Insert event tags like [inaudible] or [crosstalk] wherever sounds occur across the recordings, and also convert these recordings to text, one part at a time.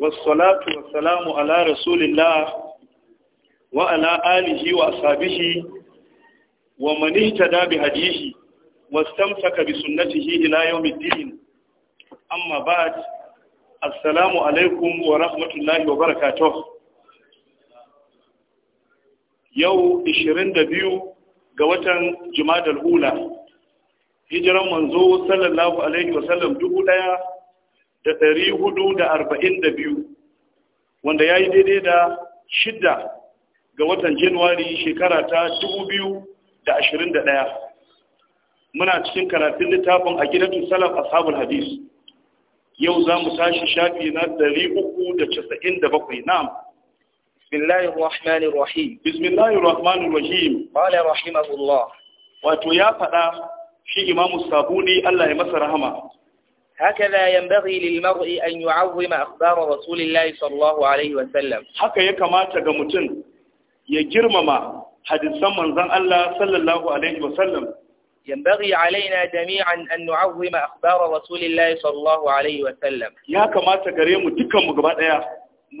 wasalatu wasalamu ala rasulillah wa ala alihi wa ashabihi wa man ihtada bi hadihi wastamsaka bi sunnatihi ila yawmiddin amma ba'd assalamu alaikum wa rahmatullahi wa barakatuh yau 22 ga watan jumadal hula hijiran manzo sallallahu alaihi wasallam dubu daya da ɗari hudu da arba'in da biyu wanda ya yi daidai da shidda ga watan januwari shekara ta dubu biyu da ashirin da ɗaya muna cikin karatun littafin a gidatun salaf ashabul hadis yau za mu tashi shafi na ɗari uku da casa'in da bakwai na? بسم الله الرحمن الرحيم بسم الله الرحمن الرحيم wato ya faɗa shi imamu sabuni Allah ya masa rahama هكذا ينبغي للمرء أن يعظم أخبار رسول الله صلى الله عليه وسلم حكا يكما تغمتن يجرمما حديثا من ذن الله صلى الله عليه وسلم ينبغي علينا جميعا أن نعظم أخبار رسول الله صلى الله عليه وسلم يا كما تغريم دكا مغبات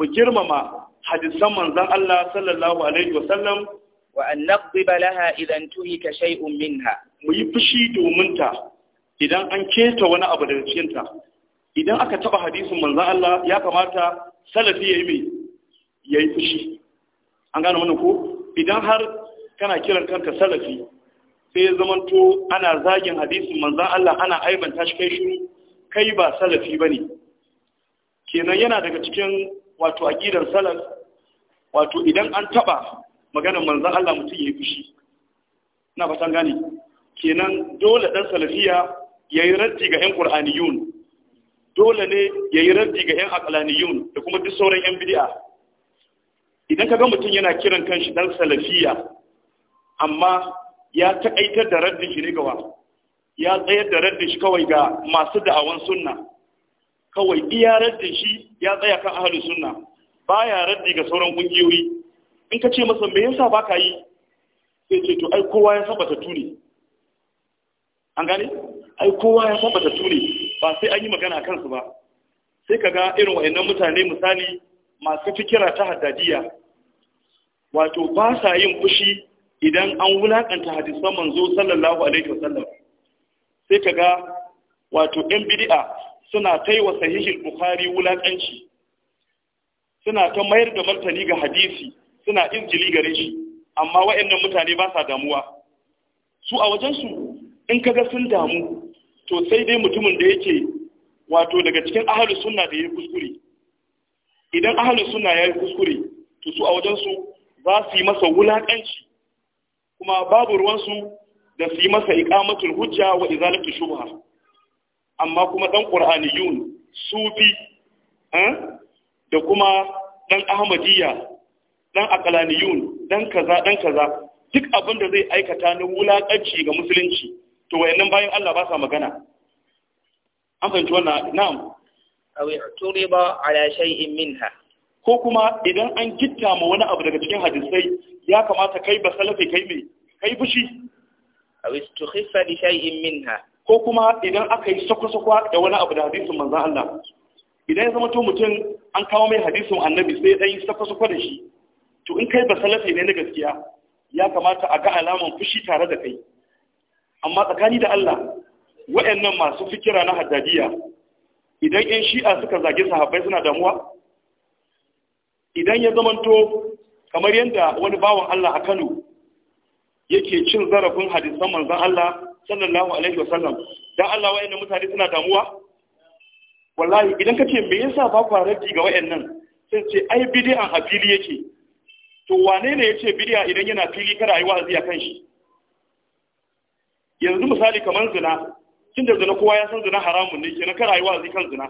مجرمما حديثا من ذن الله صلى الله عليه وسلم وأن نقضب لها إذا انتهك شيء منها ميفشي دومنتا idan an keta wani abu daga cikinta idan aka taba hadisin manzan Allah ya kamata salafi ya yi mai yayi fushi an gane wani ko idan har kana kiran kanka salafi sai ya zamanto ana zagin hadisin manzan Allah ana aibanta shi kai shi kai ba salafi ba ne kenan yana daga cikin wato aqidar salaf wato idan an taba maganar manzan Allah mutum ya yi fushi na fatan gane kenan dole dan salafiya ya yi raddi ga 'yan ƙur'aniyun dole ne ya yi raddi ga 'yan akalaniyun da kuma duk sauran 'yan bidi'a idan ka ga mutum yana kiran kanshi dan salafiya amma ya taƙaitar da raddin shi ne gawa ya tsayar da raddin shi kawai ga masu da'awan sunna kawai iya raddin shi ya tsaya kan ahalu sunna baya raddi ga sauran ƙungiyoyi in ka ce masa me yasa baka yi sai ce to ai kowa ya saba ta tuni an gane ai kowa ya san batattu ne ba sai an yi magana a kansu ba sai ka ga irin wa'annan mutane misali masu fikira ta haddadiya wato ba sa yin fushi idan an wulaƙanta hadisan manzo sallallahu alaihi wasallam sai ka ga wato yan bid'a suna ta yi wa wulaƙanci. bukari wulaƙanci suna ta mayar da martani ga hadisi suna injili gare shi amma wa'annan mutane ba sa damuwa su a wajensu in kaga sun damu to sai dai mutumin da yake wato daga cikin ahalus sunna da ya yi kuskure idan ahalus sunna ya yi kuskure to su a wajensu za su yi masa wulaƙanci kuma babu ruwansu da su yi masa iƙamatul hujja wa izalatu shubha amma kuma dan qur'aniyun sufi eh, da kuma dan ahmadiyya dan aqlaniyun dan kaza dan kaza duk abin da zai aikata na wulaƙanci ga musulunci to wayannan bayan Allah ba sa magana an fahimci wannan na'am awi turiba ala shay'in minha ko kuma idan an gitta ma wani abu daga cikin hadisai ya kamata kai ba salafi kai me kai fushi awi tukhiffa li shay'in minha ko kuma idan aka yi sakwa-sakwa da wani abu da hadisin manzan Allah idan ya zama to mutum an kawo mai hadisin annabi sai ɗan yi sakwa-sakwa da shi to in kai ba salafi ne na gaskiya ya kamata a ga alaman fushi tare da kai amma tsakani da Allah wayannan masu fikira na haddadiya idan yan shi'a suka zage sahabbai suna damuwa idan ya zamanto kamar yadda wani bawan Allah a Kano yake cin zarafin hadisan manzon Allah sallallahu alaihi wasallam dan Allah waɗannan mutane suna damuwa wallahi idan kace me yasa ba ku raddi ga wayannan sai ce ai bid'a a fili yake to wane ne yace bid'a idan yana fili kada ayi wa'azi akan shi yanzu misali kamar zina tun da zina kowa ya san zina haramun ne kenan ka rayuwa zai kan zina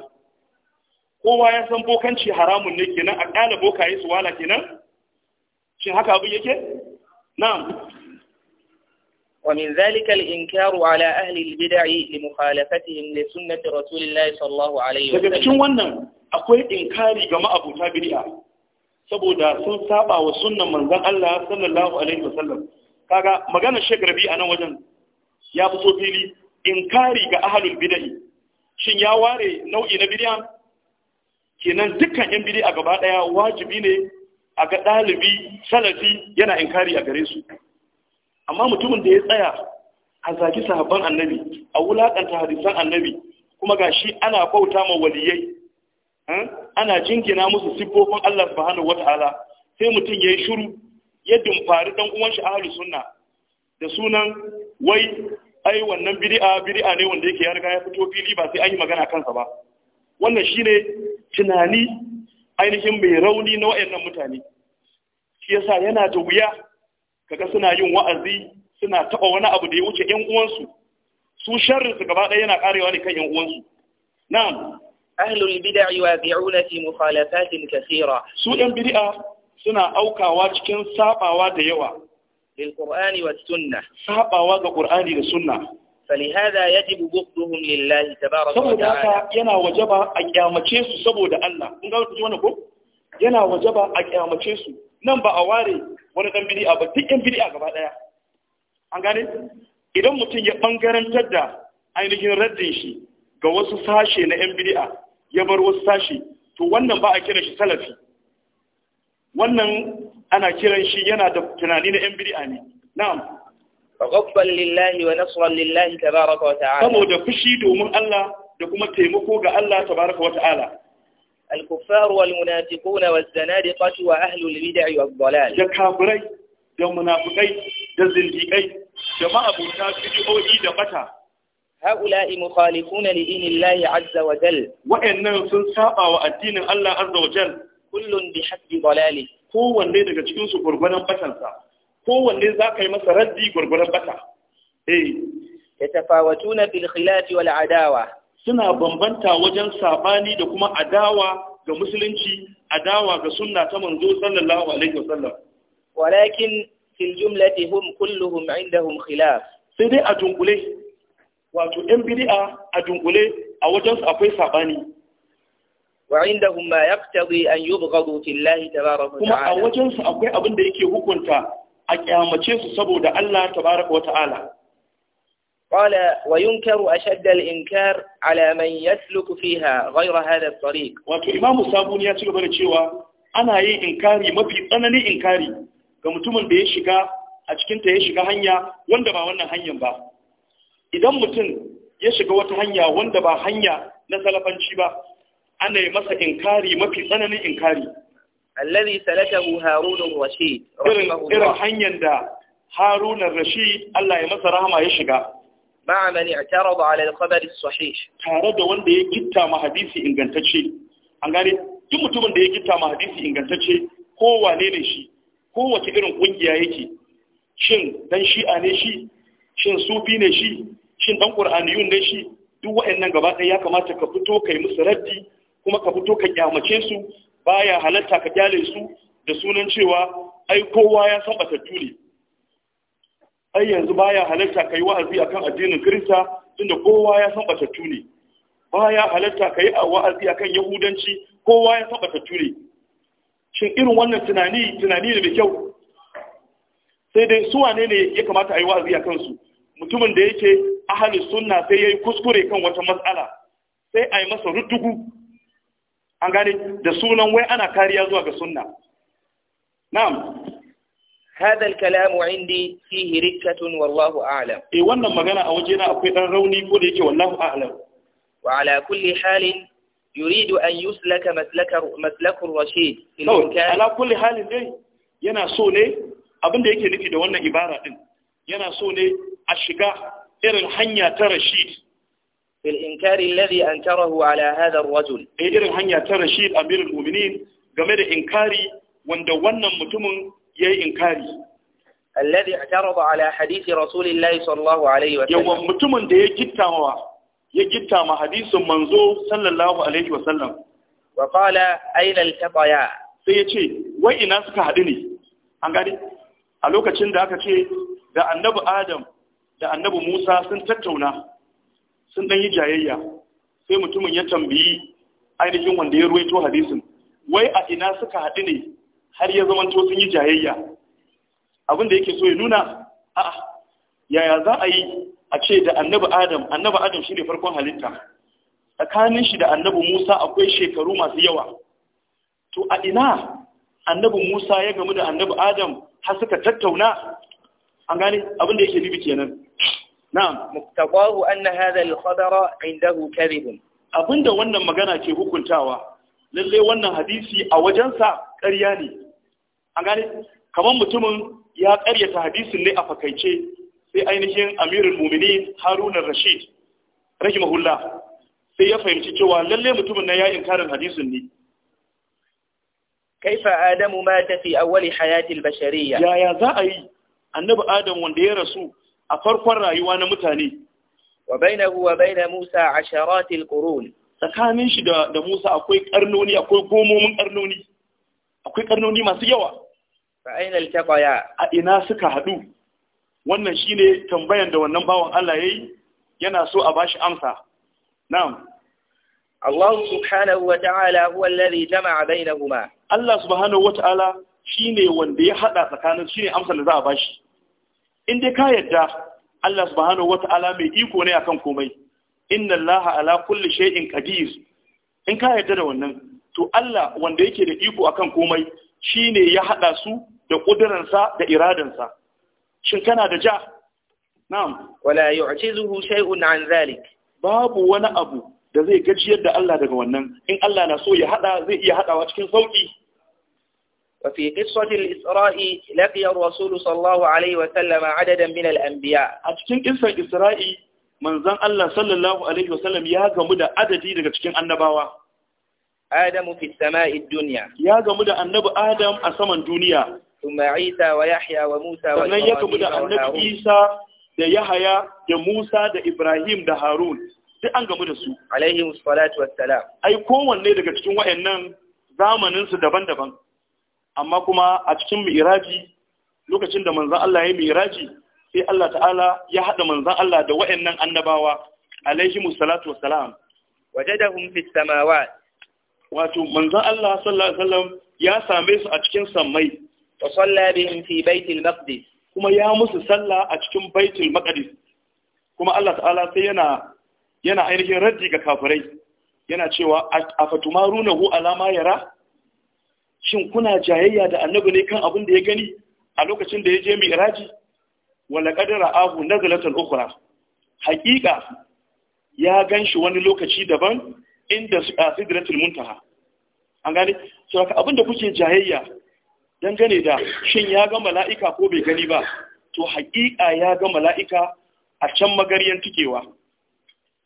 kowa ya san bokanci haramun ne kenan a ƙala bokaye su wala kenan shin haka abin yake na'am ومن ذلك الإنكار على أهل البدع لمخالفتهم لسنة رسول الله صلى الله عليه وسلم daga cikin wannan akwai inkari ga ma'abuta bid'a saboda sun saba wa sunnan manzon Allah sallallahu alaihi wasallam kaga magana Sheikh Rabi a nan wajen ya fito fili inkari ga ahalul bid'ah shin ya ware nau'i na bid'a kenan dukkan yan a gaba daya wajibi ne a ga dalibi salafi yana inkari a gare su amma mutumin da ya tsaya a zaki sahabban annabi a wulakanta hadisan annabi kuma gashi ana bauta ma waliyai eh, ana jingina musu siffofin Allah subhanahu wataala sai mutum yayi shiru ya dumfari dan uwan shi ahlus sunna da sunan wai ai wannan bid'a bid'a ne wanda yake ya riga ya fito fili ba sai an yi magana kansa ba wannan shine tunani ainihin mai rauni na wayannan mutane shi yasa yana da wuya kaga suna yin wa'azi suna taba wani abu da ya wuce yan uwansu su sharri su gaba ɗaya yana karewa ne kan yan uwansu na'am ahlul bid'a yuwaqi'una fi mukhalafatin kathira su yan bid'a suna aukawa cikin sabawa da yawa bil qur'ani was sunnah sabawa ga qur'ani da sunna فلهذا يجب بغضهم لله تبارك وتعالى yana wajaba a kyamace su saboda Allah kun ga ji wannan ko yana wajaba a kyamace su nan ba a ware wani dan bid'a ba duk yan bid'a gaba daya an gane idan mutum ya bangarantar da ainihin raddin shi ga wasu sashe na yan bid'a ya bar wasu sashe to wannan ba a kira shi salafi wannan ana kiran shi yana da tunani na ‘yan biri’a ne, na’am. Rabban lillahi wa nasuwan lillahi ta baraka wa ta’ala. Samo fushi domin Allah da kuma taimako ga Allah ta baraka wa ta’ala. Al-kufar wal munafiquna wa zanadi qatu wa ahli al-bid'i wa Da kafirai, da munafiqai, da zindiqai, da ma'abuta bid'o'i da bata. Ha'ula'i mukhalifuna li'in Allah 'azza wa jalla. Wa'annan sun saba wa addinin Allah 'azza wa kullun bi haqqi dalali kowanne daga cikin su gurgurdan batansa kowanne za ka yi masa raddi gurgurdan bata eh yatafawatuna bil khilaf wal adawa suna bambanta wajen sabani da kuma adawa ga musulunci adawa ga sunna ta manzo sallallahu alaihi wasallam walakin fil jumlati hum kulluhum indahum khilaf sai dai a dunkule wato 'yan bid'a a dunkule a wajen akwai sabani وعندهم ما يقتضي أن يبغضوا في الله تبارك وتعالى كما أوجن سأقوي أبن ديكي هكونتا أكيامتشي سسبو دا الله تبارك وتعالى قال وينكر أشد الإنكار على من يسلك فيها غير هذا الطريق وكي إمام سابون ياتي برشيوا أنا هي إنكاري ما في أنا لي إنكاري كمتوم بيشيكا أشكنت يشيكا هنيا وندبا ونن هنيا با إذا متن ya shiga wata hanya wanda ba hanya na salafanci ba ana yi masa inkari mafi tsananin inkari Allazi salatahu harun rashid irin hanyar da harun rashid Allah ya masa rahama ya shiga ma'a man i'tarada 'ala al-khabar as-sahih tare da wanda ya gitta ma hadisi ingantacce an gane duk mutumin da ya gitta ma hadisi ingantacce ko wane ne shi ko wace irin kungiya yake shin dan shi'a ne shi shin sufi ne shi shin dan qur'aniyun ne shi duk wa'annan gaba ɗaya ya kamata ka fito kai musu raddi kuma ka fito ka kyamace su baya halatta ka kyale su da sunan cewa ai kowa ya san batattu ne ai yanzu baya halatta kai wa'azi akan addinin Kirista tunda kowa ya san batattu ne baya halatta kai wa'azi akan Yahudanci kowa ya san batattu ne shin irin wannan tunani tunani ne mai kyau sai dai su wane ne ya kamata a yi wa'azi akan su mutumin da yake ahalus sunna sai yayi kuskure kan wata mas'ala sai a yi masa ruddugu an gane da sunan wai ana kariya zuwa ga sunna na'am هذا الكلام عندي فيه ركة والله أعلم إيه وانا مغانا أوجينا أكوين روني كوليك والله أعلم وعلى كل حال يريد أن يسلك مسلك, مسلك الرشيد في على كل حال دي ينا سوني abin da yake nufi da wannan ibara din yana so ne a shiga irin hanya ta rashid fil inkari alladhi ankarahu ala hadha ar-rajul eh irin hanya ta Rashid Amirul Mu'minin game da inkari wanda wannan mutumin yayi inkari alladhi atarada ala hadisi rasulillahi sallallahu alaihi yawan mutumin da ya gittamawa ya gittama hadisin manzo sallallahu alaihi wa sallam wa qala aina al sai ya ce wai ina suka haɗu ne a lokacin da aka ce da adam da annabi musa sun tattauna sun dan yi jayayya sai mutumin ya tambayi ainihin wanda ya ruwaito hadisin wai a ina suka haɗu ne har ya zamanto sun yi jayayya abin da yake so ya nuna a yaya za a yi a ce da annabi adam annabi adam shi ne farkon halitta tsakanin shi da annabi musa akwai shekaru masu yawa to a ina annabi musa ya gamu da annabi adam har suka tattauna an gane abin da yake nufi kenan na'am muqtabahu anna hadha al indahu kadhib abinda wannan magana ke hukuntawa lalle wannan hadisi a wajensa ƙarya ne kamar mutumin ya ƙaryata hadisin ne a fakaice sai ainihin amirul muminin haruna rashid rahimahullah sai ya fahimci cewa lalle mutumin na ya inkarin hadisin ne kaifa adamu mata fi awwali hayati albashariyya yaya za a yi annabi adam wanda ya rasu a farkon rayuwa na mutane wa bainahu wa baina Musa asharatil qurun tsakanin shi da da Musa akwai karnoni akwai gomomin karnoni akwai karnoni masu yawa fa aina a ina suka hadu wannan shine tambayan da wannan bawan Allah yayi yana so a bashi amsa na'am Allah subhanahu wa ta'ala huwa alladhi jama'a bainahuma Allah subhanahu wa ta'ala shine wanda ya hada tsakanin shine da za a bashi in dai ka yadda Allah subhanahu wata'ala mai iko ne akan komai inna Allah ala kulli shay'in qadir in ka yadda da wannan to Allah wanda yake da iko akan komai shine ya hada su da kudurinsa da iradansa shin kana da ja na'am wala yu'jizuhu shay'un an zalik babu wani abu da zai gajiyar da Allah daga wannan in Allah na so ya hada zai iya hadawa cikin sauki وفي قصة الإسراء لقي الرسول صلى الله عليه وسلم عددا من الأنبياء أتكين قصة الإسراء من زن الله صلى الله عليه وسلم يا جمد عددي لك تكين النبوة آدم في السماء الدنيا يا جمد النب آدم أسمى الدنيا ثم عيسى ويحيى وموسى وإبراهيم يا جمد النب عيسى da Yahaya da Musa da Ibrahim da Harun duk an gamu da su alaihi salatu wassalam ai kowanne daga cikin wayannan zamanin su daban-daban amma kuma a cikin mi'raji lokacin da manzan Allah ya mi'raji sai Allah ta'ala ya haɗa manzan Allah da wayannan annabawa alaihi salatu Waje da fis samawa wato manzan Allah sallallahu ya same su a cikin sammai ta salla bihim fi baitul maqdis kuma ya musu salla a cikin baitul maqdis kuma Allah ta'ala sai yana yana ainihin raddi ga kafirai yana cewa afatumarunahu alama yara shin kuna jayayya da annabi ne kan abin da ya gani a lokacin da ya je mi'raji wala qadara ahu nazlatan ukhra haqiqa ya ganshi wani lokaci daban inda sidratul muntaha an gane so abin da kuke jayayya dangane da shin ya ga mala'ika ko bai gani ba to haqiqa ya ga mala'ika a can magariyan tikewa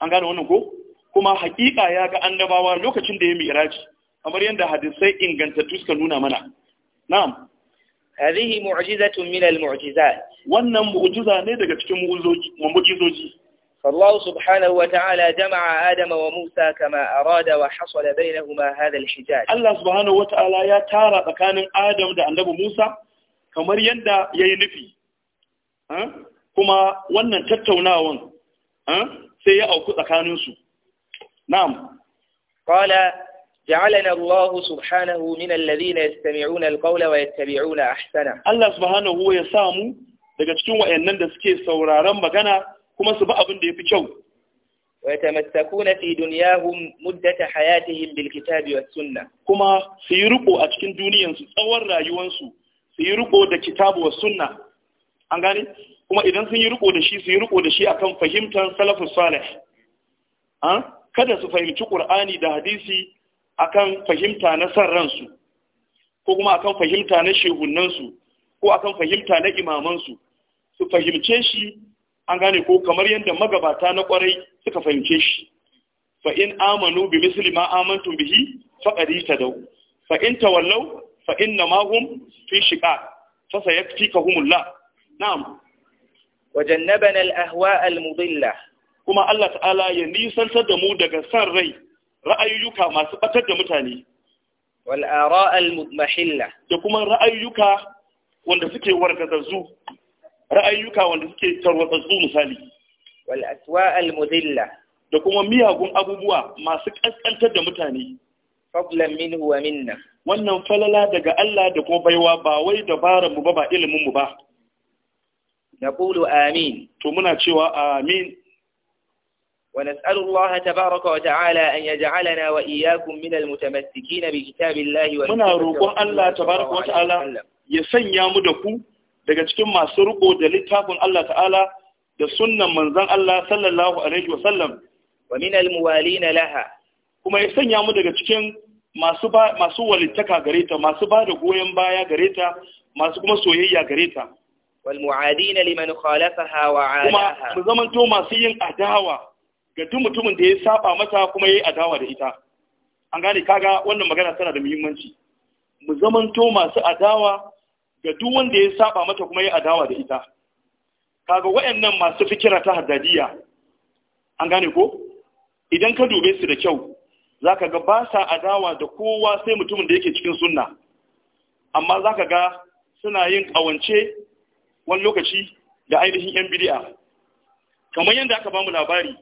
an gane wannan ko kuma haqiqa ya ga annabawa lokacin da ya mi'raji kamar yadda hadisai ingantattu suka nuna mana na'am hadhihi mu'jizatun min al wannan mu'jiza ne daga cikin mu'jizoji Allah subhanahu wa ta'ala jama'a Adam wa Musa kama arada wa hasala bainahuma hadha al-hijaj Allah subhanahu wa ta'ala ya tara tsakanin Adam da Annabi Musa kamar yadda yayi nufi kuma wannan tattaunawan sai ya auku tsakaninsu. su na'am qala جعلنا الله سبحانه من الذين يستمعون القول ويتبعون أحسنه الله سبحانه هو يسامو daga cikin wayannan da suke sauraron magana kuma su bi abin da yafi kyau wa yatamastakuna fi dunyahum muddata hayatihim bil kitabi was sunnah kuma su yi riko a cikin duniyar su tsawon rayuwar su su yi riko da kitabu was sunnah an gane kuma idan sun yi riko da shi su yi riko da shi akan fahimtar salafus salih ah? kada su fahimci qur'ani da hadisi akan fahimta na san ransu ko kuma akan fahimta na shehunansu ko akan fahimta na imamansu su fahimce shi an gane ko kamar yadda magabata na kwarai suka fahimce shi fa in amanu bi misli ma amantu bihi qadita tadaw fa in tawallaw fa inna ma hum fi shiqaq fa sayaktikahumullah na'am wajannabana al-ahwa al-mudilla kuma Allah ta'ala ya nisantar da mu daga san rai Ra'ayuka masu batar da mutane wal ara'al mudmahilla da kuma ra'ayuka wanda suke wargazazzu Ra'ayuka wanda suke tarwatsatsu misali wal aswa'al mudilla da kuma miyagun abubuwa masu kaskantar da mutane fadlan minhu wa minna wannan falala daga Allah da kuma baiwa ba wai bara mu ba ba ilimin mu ba Na qulu amin to muna cewa amin ونسأل الله تبارك وتعالى أن يجعلنا وإياكم من المتمسكين بكتاب الله منا روكم الله تبارك وتعالى يسنيا مدكو daga cikin masu riko da littafin Allah ta'ala da sunnan manzon Allah sallallahu alaihi wa sallam wa min almuwalina laha kuma ya sanya mu daga cikin masu ba masu walittaka gare ta masu ba da goyen baya gare ta masu kuma soyayya gare ta wal mu'adina liman khalafaha wa alaha kuma mu zamanto masu yin adawa ga duk mutumin da ya saba mata kuma ya yi adawa da ita an gane kaga wannan magana tana da muhimmanci mu zamanto masu adawa ga duk wanda ya saba mata kuma ya yi adawa da ita kaga nan masu fikira ta haddadiya an gane ko idan ka dube su da kyau za ka ga ba sa adawa da kowa sai mutumin da yake cikin sunna amma za ka ga suna yin kawance wani lokaci da ainihin yan bid'a kamar yadda aka bamu labari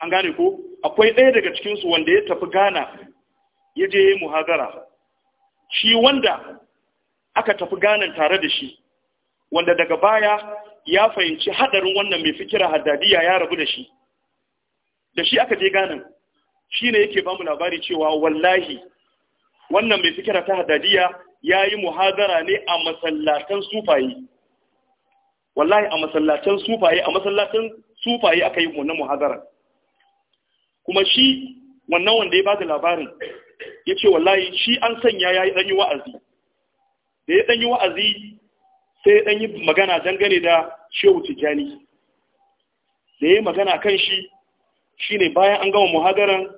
an gane ko akwai ɗaya daga cikinsu wanda ya tafi gana ya je muhazara shi wanda aka tafi ganin tare da shi wanda daga baya ya fahimci haɗarin wannan mai fikira haddadiya ya rabu da shi da shi aka je ganin. shi ne yake bamu labari cewa wallahi wannan mai fikira ta haddadiya ya yi muhazara ne a masallatan sufaye wallahi a masallatan sufaye a masallatan sufaye aka yi wannan muhazara kuma shi wannan wanda ya ba da labarin ya ce wallahi shi an sanya ya yi ɗanyi wa'azi da ya ɗanyi wa'azi sai ya ɗanyi magana dangane da shehu tijjani da ya yi magana kan shi shi ne bayan an gama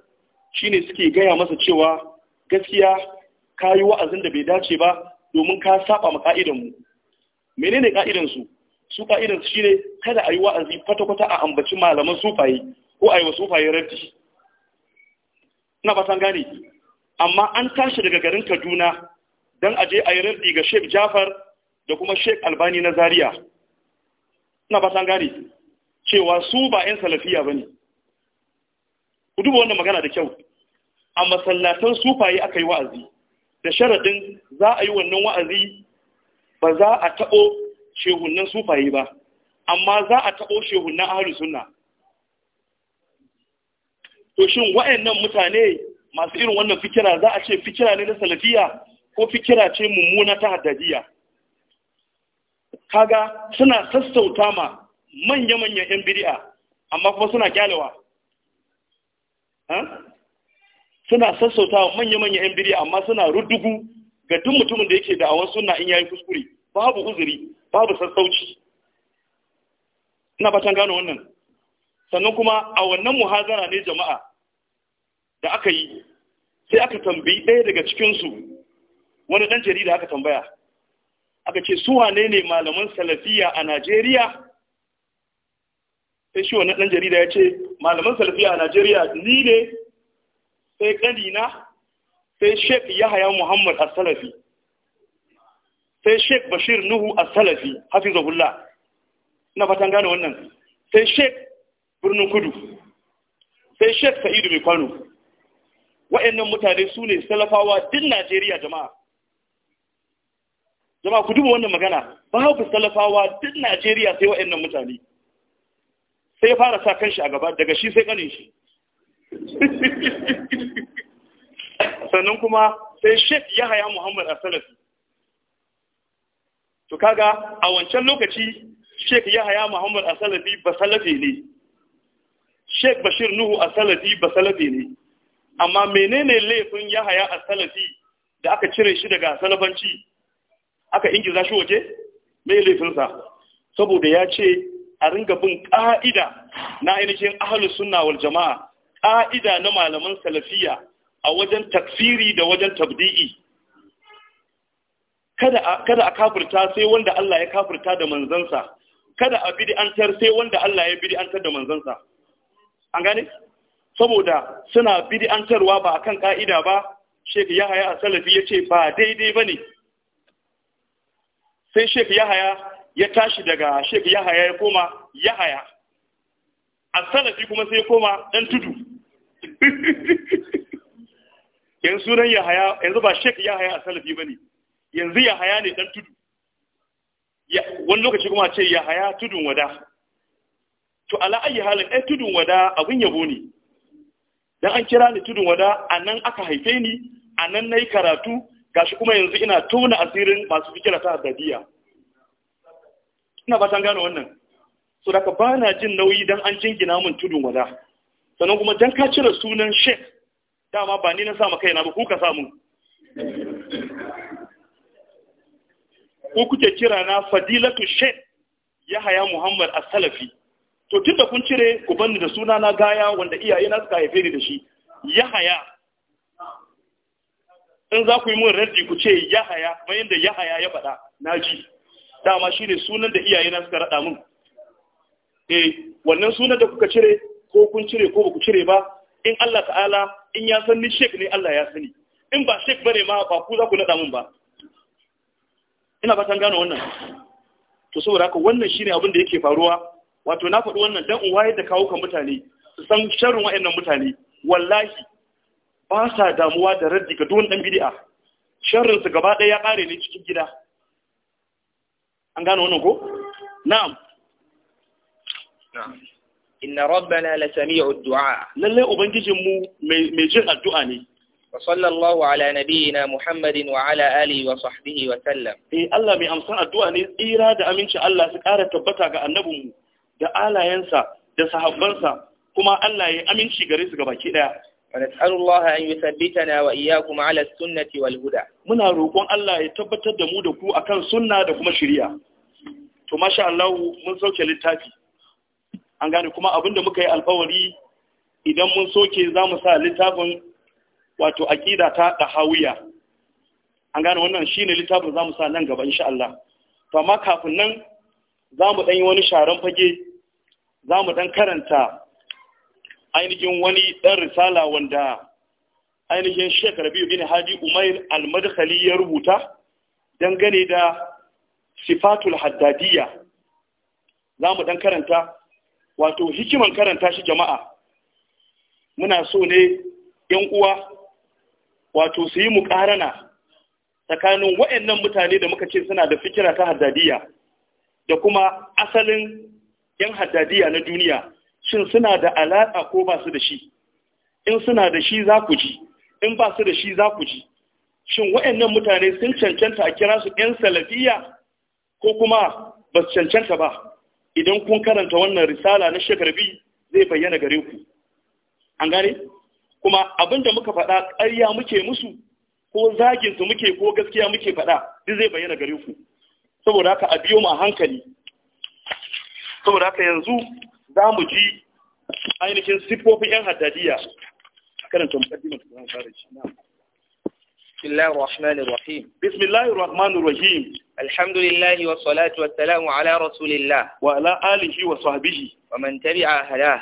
shi ne suke gaya masa cewa gaskiya ka yi wa'azin da bai dace ba domin ka saba ma ƙa'idanmu menene ƙa'idansu su ƙa'idansu shi ne kada a yi wa'azi kwata-kwata a ambaci malaman sufaye ko a yi wasu faye raddi ina ba gane amma an tashi daga garin kaduna don aje a yi raddi ga sheikh jafar da kuma sheikh albani na zaria ina ba gane cewa su ba 'yan salafiya ba ne ku duba wannan magana da kyau a masallatan sufaye aka yi wa'azi da sharadin za a yi wannan wa'azi ba za a taɓo shehunan sufaye ba amma za a taɓo shehunan ahalu sunna to shin wa'annan mutane masu irin wannan fikira za a ce fikira ne na salafiya ko fikira ce mummuna ta haddadiya kaga suna sassauta ma manya-manyan 'yan biriya amma kuma suna kyalewa suna sassauta wa manya-manyan 'yan biriya amma suna ruddugu ga duk mutumin da yake awon suna in yayi kuskure babu uzuri babu sassauci ina batan gano wannan sannan kuma a wannan muhazara ne jama'a da aka yi sai aka tambayi ɗaya daga cikinsu wani ɗan jarida aka tambaya aka ce su wane ne malaman salafiya a najeriya sai shi wani ɗan jarida ya ce malaman salafiya a najeriya ni ne sai ƙanina sai sheik yahaya muhammad as-salafi sai sheik bashir nuhu as-salafi hafizahullah na fatan gane wannan sai sheik birnin kudu sai sheik sa'idu mai kwano wa'annan mutane su ne salafawa din Najeriya jama'a jama'a ku duba wannan magana babu salafawa din Najeriya sai wa'annan mutane sai ya fara sa kanshi a gaba daga shi sai kanin shi [laughs] sannan kuma sai Sheikh Yahaya Muhammad As-Salafi to kaga a wancan lokaci Sheikh Yahaya Muhammad As-Salafi ba salafi ne Sheikh Bashir Nuhu As-Salafi ba salafi ne amma menene laifin yahaya a salafi da aka cire shi daga salafanci aka ingiza shi waje mai laifinsa saboda ya ce a ringa bin ƙa'ida na ainihin ahalus sunna wal jama'a ƙa'ida na malaman salafiya a wajen takfiri da wajen tabdi'i kada a kafirta sai wanda Allah ya kafirta da manzansa kada a bid'antar sai wanda Allah ya bid'antar da manzansa an gane saboda suna bid'antarwa ba a kan ka'ida ba Sheikh Yahaya ya ce ba daidai ba ne. sai Sheikh Yahaya ya tashi daga Sheikh Yahaya ya koma Yahaya salafi kuma sai ya koma ɗan tudu [laughs] yanzu sunan Yahaya yanzu ba Sheikh Yahaya ba ne, yanzu Yahaya ne ɗan tudu wani lokaci kuma ce Yahaya tudun wada to ala ayi halin ai tudun wada abun yabo ne dan an kira ni tudun wada a nan aka haife ni a nan na yi karatu gashi kuma yanzu ina tona asirin masu fikira ta haddadiya ina fatan gano wannan so daga ba na jin nauyi dan an jingina min tudun wada sannan kuma dan ka cire sunan sheikh dama ba ni na sa maka yana ba ku ka samu ko kuke kira na fadilatu sheikh yahaya muhammad as-salafi to tun da kun cire ku banni da suna na gaya wanda iyaye na suka haife ni da shi ya haya. in za ku yi mun raddi ku ce ya haya, yadda da ya faɗa na ji dama shine sunan da iyaye na suka raɗa mun eh wannan sunan da kuka cire ko kun cire ko ku cire ba in Allah ta'ala in ya san ni shek ne Allah ya sani in ba shek bane ma ba ku za ku naɗa mun ba ina fatan gano wannan to saboda haka wannan shine abin da yake faruwa wato na faɗi wannan dan in da kawo kan mutane su san sharrin wayannan mutane wallahi ba sa damuwa da raddi ga duwan dan bid'a sharrin su gaba ɗaya ya ƙare ne cikin gida an gano wannan ko na'am inna rabbana la sami'u du'a lalle ubangijin mu mai jin addu'a ne wa sallallahu ala nabiyyina muhammadin wa ala alihi wa sahbihi wa sallam eh Allah mai amsan addu'a ne tsira da aminci Allah su ƙara tabbata ga annabinmu da alayensa da sahabbansa kuma Allah ya aminci gare su gabaki daya nas'alullaha an yuthabbitana wa iyyakum ala sunnati wal huda muna roƙon Allah ya tabbatar da mu da ku akan sunna da kuma shari'a to masha Allah mun sauke littafi an gane kuma abinda muka yi alƙawari idan mun soke za mu sa littafin wato aqida ta dahawiya an gane wannan shine littafin za mu sa nan gaba insha Allah to amma kafin nan za mu ɗan yi wani sharan fage za mu ɗan karanta ainihin wani ɗan risala wanda ainihin shekara biyu gini Haji Umair al ya rubuta dangane da Sifatul Haddadiyya za mu ɗan karanta wato hikiman karanta shi jama'a muna so ne ‘yan uwa wato su yi muƙarana tsakanin wa'annan mutane da muka ce suna da fikira ta haddadiyya da kuma asalin yan haddadiya na duniya shin suna da alaƙa ko ba su da shi in suna da shi za ku ji in ba su da shi za ku ji shin wayannan mutane sun cancanta a kira su yan salafiya ko kuma ba su cancanta ba idan kun karanta wannan risala na shekarbi zai bayyana gare ku an gane kuma abin da muka faɗa ƙarya muke musu ko zaginsu muke ko gaskiya muke faɗa duk zai bayyana gare ku saboda haka a biyo mu a hankali saboda haka yanzu za mu ji ainihin siffofin yan da zan fara shi بسم الله الرحمن الرحيم بسم الله الرحمن الرحيم الحمد لله والصلاة والسلام على رسول الله وعلى آله وصحبه ومن تبع هداه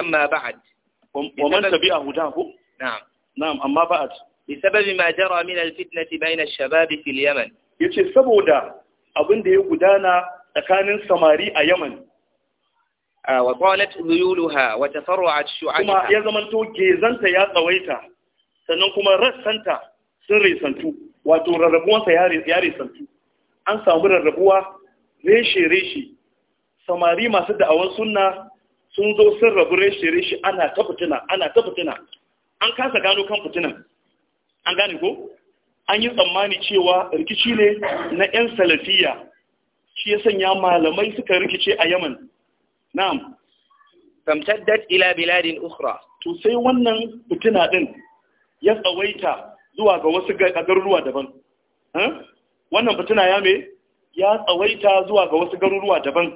أما بعد ومن تبع هداه نعم نعم أما بعد بسبب ما جرى من الفتنة بين الشباب في اليمن يتسبب سبودا أبن دي يقدانا tsakanin samari a Yaman. Ah, wa qalat dhuyuluha wa tafarru'at shu'aha. Kuma ya zamanto gezanta ya tsawaita sannan kuma rassanta sun resantu wato rarrabuwansa ya resantu. An samu rarrabuwa reshe-reshe samari masu da'awar sunna sun zo sun rabu reshe-reshe ana ta fitina ana ta fitina an kasa gano kan fitinan an gane ko an yi tsammani cewa rikici ne na 'yan salafiya shi ya sanya malamai suka rikice a Yaman na'am famtaddat ila biladin ukhra to sai wannan fitina din ya tsawaita zuwa ga wasu garuruwa daban wannan fitina ya me ya tsawaita zuwa ga wasu garuruwa daban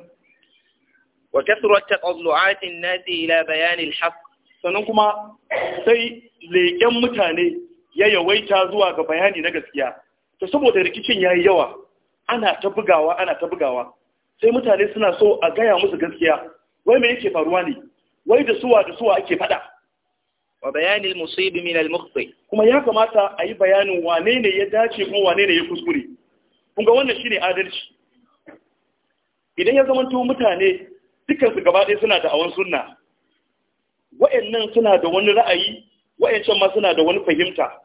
wa kathrat taqallu'atin nasi ila al-haq. sannan kuma sai leƙen mutane ya yawaita zuwa ga bayani na gaskiya to saboda rikicin yayi yawa ana ta bugawa ana ta bugawa sai mutane suna so a gaya musu gaskiya wai me yake faruwa ne wai da suwa da suwa ake faɗa wa bayanin musibi min al-mukhti kuma ya kamata a yi bayanin wane ne ya dace kuma wane ne ya kuskure kun ga wannan shine adalci idan ya zamanto mutane dukkan su gaba ɗaya suna da awan sunna wa'annan suna da wani ra'ayi wa'ancan ma suna da wani fahimta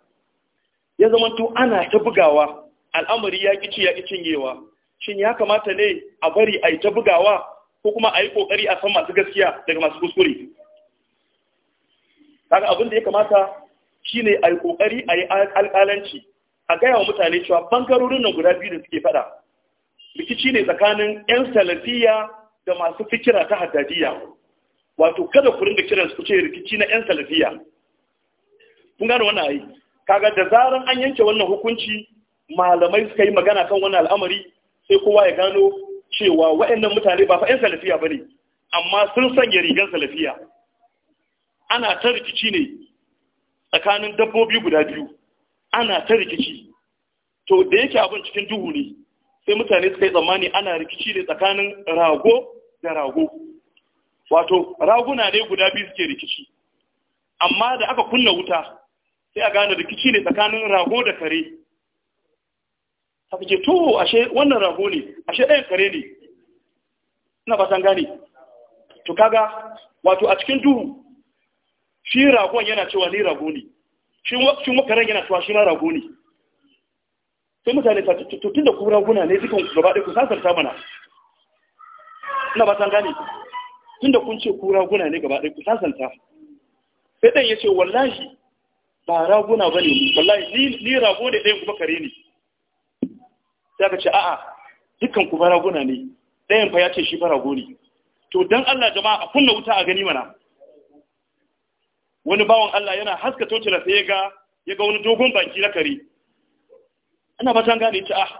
ya zamanto ana ta bugawa al'amari ya kici ya cinyewa shin ya kamata ne a bari a yi ta bugawa ko kuma a yi ƙoƙari a san masu gaskiya daga masu kuskure kaga abin da ya kamata shine a yi ƙoƙari a yi alƙalanci a gaya wa mutane cewa bangarorin nan guda biyu da suke faɗa rikici ne tsakanin 'yan salafiya da masu fikira ta haddadiya wato kada ku ringa kiransu ku ce rikici na 'yan salafiya kun gane wannan ayi kaga da zaran an yanke wannan hukunci malamai suka yi magana kan wannan al'amari sai kowa ya gano cewa waɗannan mutane ba fa 'yan salafiya ba ne amma sun sanya rigar salafiya ana ta rikici ne tsakanin dabbobi guda biyu ana ta rikici to da yake abin cikin duhu ne sai mutane suka yi tsammani ana rikici ne tsakanin rago da rago wato raguna ne guda biyu suke rikici amma da aka kunna wuta sai a gane rikici ne tsakanin rago da kare ta ce to ashe wannan rago ne ashe ɗayan kare ne ina ba san gane to kaga wato a cikin duhu shi ragon yana cewa ni rago ne shi karen yana cewa shi na rago ne sai mutane ta tun da ku raguna ne dukan gaba ɗaya ku sasarta mana ina ba san gane tun da kun ce ku raguna ne gaba ɗaya ku sasanta sai ɗan ya ce wallahi ba raguna ba ne wallahi ni rago ne ɗayan kuma kare ne sai aka ce a'a dukkan ku faraguna ne ɗayan fa ya ce shi fara goni, to dan Allah jama'a a kunna wuta a gani mana wani bawan Allah yana haska tocila sai ya ga ya ga wani dogon baki na kare ana ba tan gane ta, ah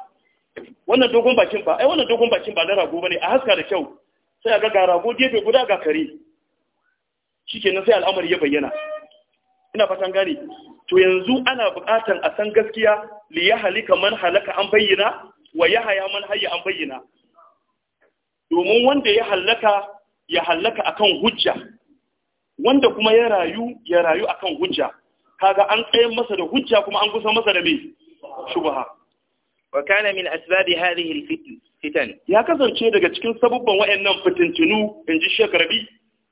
wannan dogon bakin ba ai wannan dogon bakin ba na rago bane a haska da kyau sai ga ga rago gefe guda ga kare shikenan sai al'amari ya bayyana ina fatan gane to yanzu ana buƙatar a san gaskiya li ya halika man halaka an bayyana wa ya haya man hayya an bayyana domin wanda ya halaka ya halaka akan hujja wanda kuma ya rayu ya rayu akan hujja kaga an tsayin masa da hujja kuma an kusa masa da me shubha wa kana min asbab hadhihi alfitan ya kasance daga cikin sabubban wayannan fitintinu inji Sheikh Rabi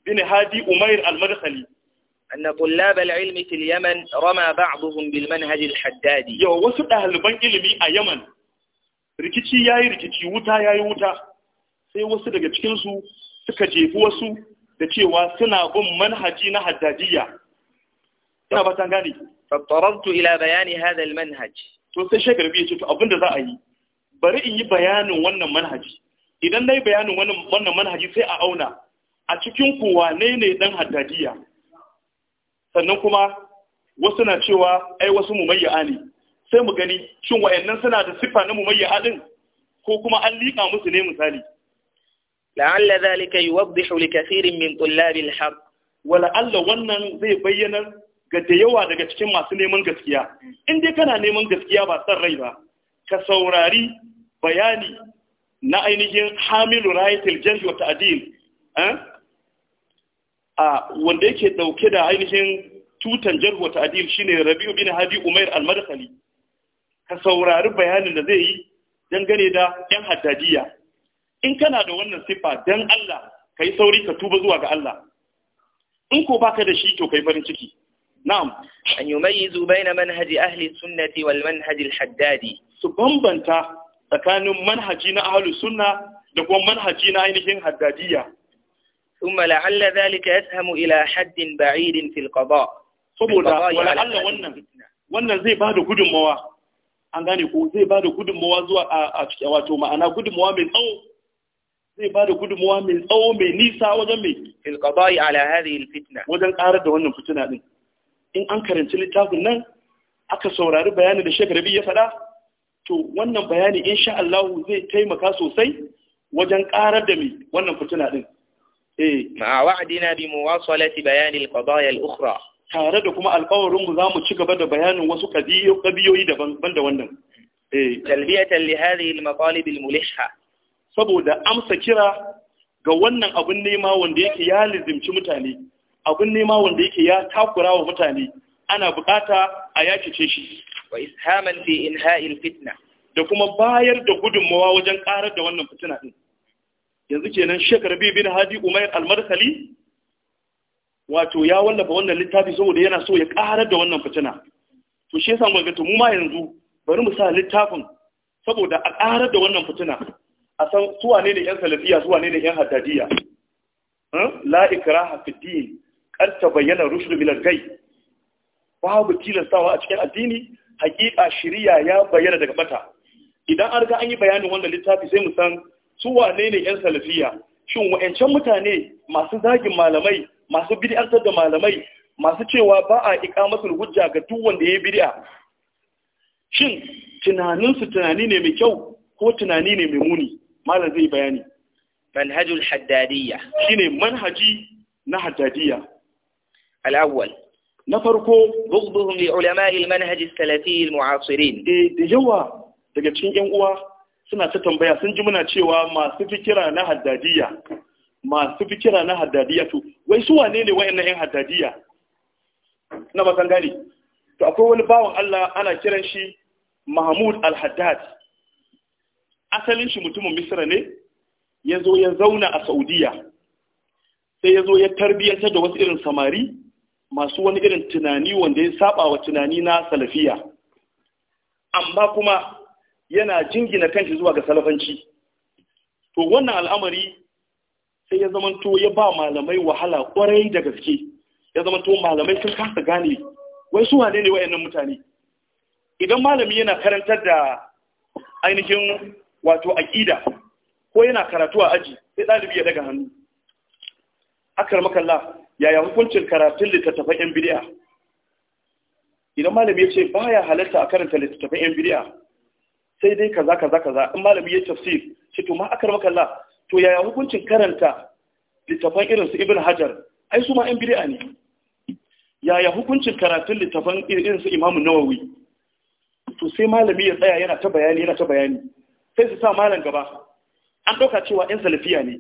bin Hadi Umair al-Madkhali أن طلاب العلم في اليمن رمى بعضهم بالمنهج الحدادي يو وسط أهل ilimi a أيمن rikici ya yi rikici wuta ya yi wuta sai wasu daga cikinsu suka jefi wasu da cewa suna bin manhaji na haddadiyya ina ba tan gane fattarabtu ila bayani hada manhaj to sai shagarbi ya ce to abinda za a yi bari in yi bayanin wannan manhaji idan na yi bayanin wannan manhaji sai a auna a cikin wanene dan haddadiyya sannan kuma wasu na cewa ai wasu mumayya'a ne sai mu gani shin wayannan suna da siffa na mumayya'a din ko kuma an liƙa musu ne misali la'alla zalika yuwaddihu li kathirin min tullabi al-haq wala alla wannan zai bayyana ga da yawa daga cikin masu neman gaskiya in dai kana neman gaskiya ba san rai ba ka saurari bayani na ainihin hamilu rayatul jarh wa ta'dil eh? a wanda yake dauke da ainihin tutan jarwa ta'dil shine Rabi'u bin Hadi Umair al-Madkhali ka saurari bayanin da zai yi dangane da yan haddadiya in kana da wannan sifa dan Allah kai sauri ka tuba zuwa ga Allah in ko baka da shi to kai farin ciki na'am an yumayyizu baina manhaji ahli sunnati wal manhaji al-haddadi su bambanta tsakanin manhaji na ahlus sunna da kuma manhaji na ainihin haddadiya. ثم لعل ذلك يسهم إلى حد بعيد في القضاء saboda wala'alla wannan wannan zai bada gudunmawa an gane ko zai bada gudunmawa zuwa a cikin wato ma'ana gudunmawa mai tsawo zai bada gudunmawa mai tsawo mai nisa wajen mai fil qada'i ala hadhihi al fitna wajen karar da wannan fitina din in an karanci littafin nan aka saurari bayanin da Sheikh Rabi ya faɗa to wannan bayani insha Allah zai taimaka sosai wajen karar da mai wannan fitina din Eh. ma wa'adina bi muwasalati bayan al-qadaya tare da kuma alƙawarin mu zamu ci gaba da bayanin wasu kabiyoyi daban da wannan eh talbiyatan li hadhihi al-matalib al-mulihha saboda amsa kira ga wannan abin nema wanda yake ya lizimci mutane abin nema wanda yake ya takura wa mutane ana bukata a yakice shi wa ishaman fi inha'il fitna da kuma bayar da gudunmawa wajen ƙarar da wannan fitina din yanzu kenan Sheikh Rabi bin Hadi Umar, Al-Madkhali wato ya wallafa wannan littafi saboda yana so ya ƙarar da wannan fitina to shi yasa mu ga mu ma yanzu bari mu sa littafin saboda a ƙarar da wannan fitina a san su wane ne yan salafiya su wane ne yan haddadiya la ikraha fi din qad tabayyana rushd min al babu tilastawa a cikin addini hakika shiriya ya bayyana daga bata idan an ga an yi bayanin wannan littafi sai mu san su wane ne yan salafiya shin wa'ancan mutane masu zagin malamai masu bidiyantar da malamai masu cewa ba a iƙa masu hujja ga duk wanda yi bidiya shin tunaninsu tunani ne mai kyau ko tunani ne mai muni malam zai bayani manhajul haddadiyya ne manhaji na haddadiyya al na farko bughduhum li ulama'i al muasirin eh, da yawa daga cikin yan uwa suna ta tambaya sun ji muna cewa masu fikira na haddadiya masu fikira na haddadiya to wai su wane ne wayannan yan haddadiya na ba san to akwai wani bawan Allah ana kiran shi Mahmud al-Haddad asalin shi mutumin Misra ne ya ya zauna a Saudiya sai ya ya tarbiyyantar da wasu irin samari masu wani irin tunani wanda ya saba wa tunani na salafiya amma kuma yana jingina kanshi zuwa ga salafanci to wannan al'amari sai ya zamanto ya ba malamai wahala kwarai da gaske ya to malamai sun kasa gane wai su wane ne wayannan mutane idan malami yana karantar da ainihin wato aqida ko yana karatu a aji sai dalibi ya daga hannu akar makalla yaya hukuncin karatun littattafan yan bid'a idan malami ya ce baya halatta a karanta littattafan yan bid'a sai dai kaza kaza kaza in malami ya tafsir shi to ma akar makalla to yaya hukuncin karanta littafan irin su ibn hajar ai su ma yan bid'a ne yaya hukuncin karatun littafan irin su imamu nawawi to sai malami ya tsaya yana ta bayani yana ta bayani sai su sa malam gaba an dauka cewa in salafiya ne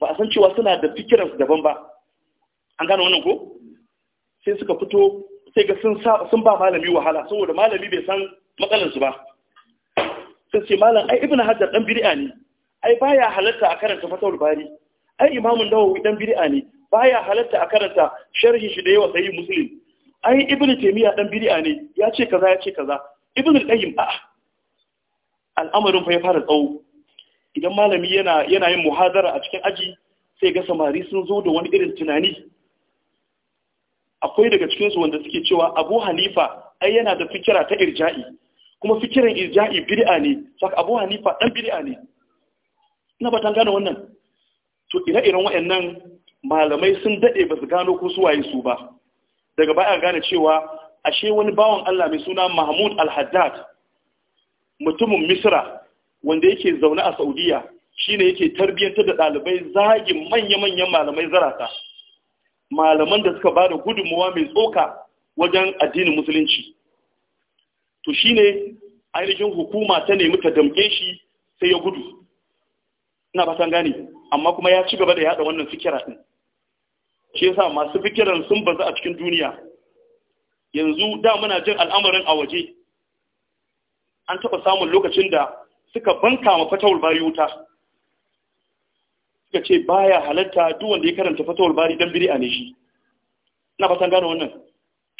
ba a san cewa suna da fikiran daban ba an gane wannan ko sai suka fito sai ga sun ba malami wahala saboda malami bai san matsalarsu ba sai ce malam ai ibnu hajar dan bid'a ne ai baya halatta a karanta fatawul bari ai imamun nawawi dan bid'a ne baya halatta a karanta sharhi shi da yawa sai muslim ai ibnu taymiya dan bid'a ne ya ce kaza ya ce kaza ibnu qayyim a al'amarin fa ya fara tsawo idan malami yana yana yin muhadara a cikin aji sai ga samari sun zo da wani irin tunani akwai daga cikinsu wanda suke cewa abu hanifa ai yana da fikira ta irja'i kuma fikirin irja'i bid'a ne saka abu hanifa dan bid'a ne ina ba gane wannan to ire-iren wa'annan malamai sun daɗe ba su gano ko suwaye su ba daga baya gane cewa ashe wani bawan Allah mai suna Mahmud Al-Haddad mutumin Misra wanda yake zaune a Saudiya shine yake tarbiyantar da ɗalibai zagin manya-manyan malamai zarata malaman da suka bada gudunmuwa mai tsoka wajen addinin musulunci to ne ainihin hukuma ta nemi ta damke shi sai ya gudu ina ba san gane amma kuma ya ci gaba da yada wannan fikira din shi yasa masu fikiran sun bazu a cikin duniya yanzu da muna jin al'amarin a waje an taba samun lokacin da suka banka ma fatawul bari wuta suka ce baya halatta duk wanda ya karanta fatawul bari dan biri ne shi ina san gane wannan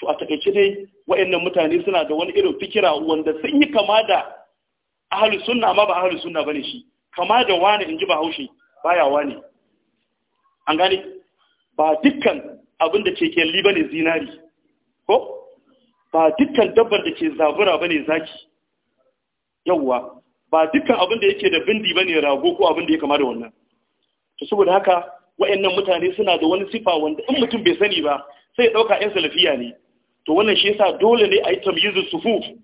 to a takaice dai wayannan mutane suna da wani irin fikira wanda sun yi kama da ahlus sunna amma ba ahlus sunna bane shi kama da wani inji bahaushe baya wani an gane ba dukkan abin da ke kyalli bane zinari ko ba dukkan dabbar da ke zabura bane zaki yawwa ba dukkan abin da yake da bindi bane rago ko abin da ya kama da wannan to saboda haka wayannan mutane suna da wani sifa wanda in mutum bai sani ba sai ya dauka yan salafiya ne to wannan shi yasa dole ne a yi tamyizu sufu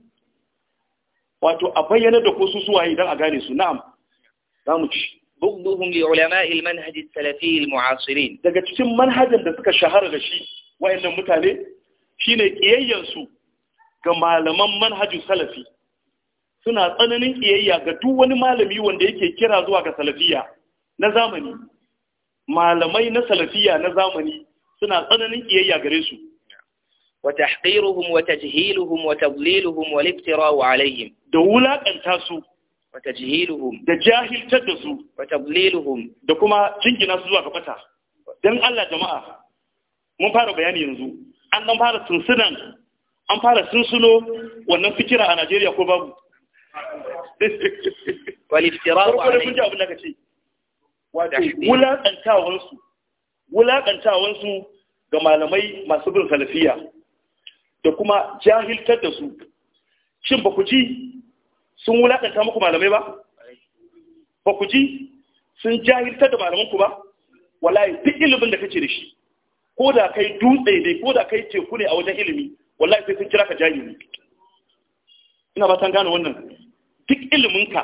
wato a bayyana da ko su suwaye idan a gane su na'am za mu ci بغضهم لعلماء المنهج السلفي المعاصرين daga cikin manhajan da suka shahara da shi wayannan mutane shine kiyayyan su ga malaman manhaju salafi suna tsananin kiyayya ga duk wani malami wanda yake kira zuwa ga salafiya na zamani malamai na salafiya na zamani suna tsananin kiyayya gare su وتحقيرهم وتجهيلهم وتضليلهم والافتراء عليهم دولا كنتا وتجهيلهم دجاهل تدسو وتضليلهم دكما جنجنا زوا كبتا dan Allah jama'a mun fara bayani yanzu an dan fara sunsunan an fara wannan fikira a Najeriya ko babu wal iftira'u alayhi kun abin da kace wato ga malamai masu bin salafiya da kuma jahiltar da su shin ba ku ji sun wulaƙanta muku malamai ba ba ku ji sun jahiltar da malamanku ba wallahi duk ilimin da kake da shi ko da kai dutse dai ko da kai teku ne a wajen ilimi wallahi sai sun kira ka jahili ina ba san gane wannan duk iliminka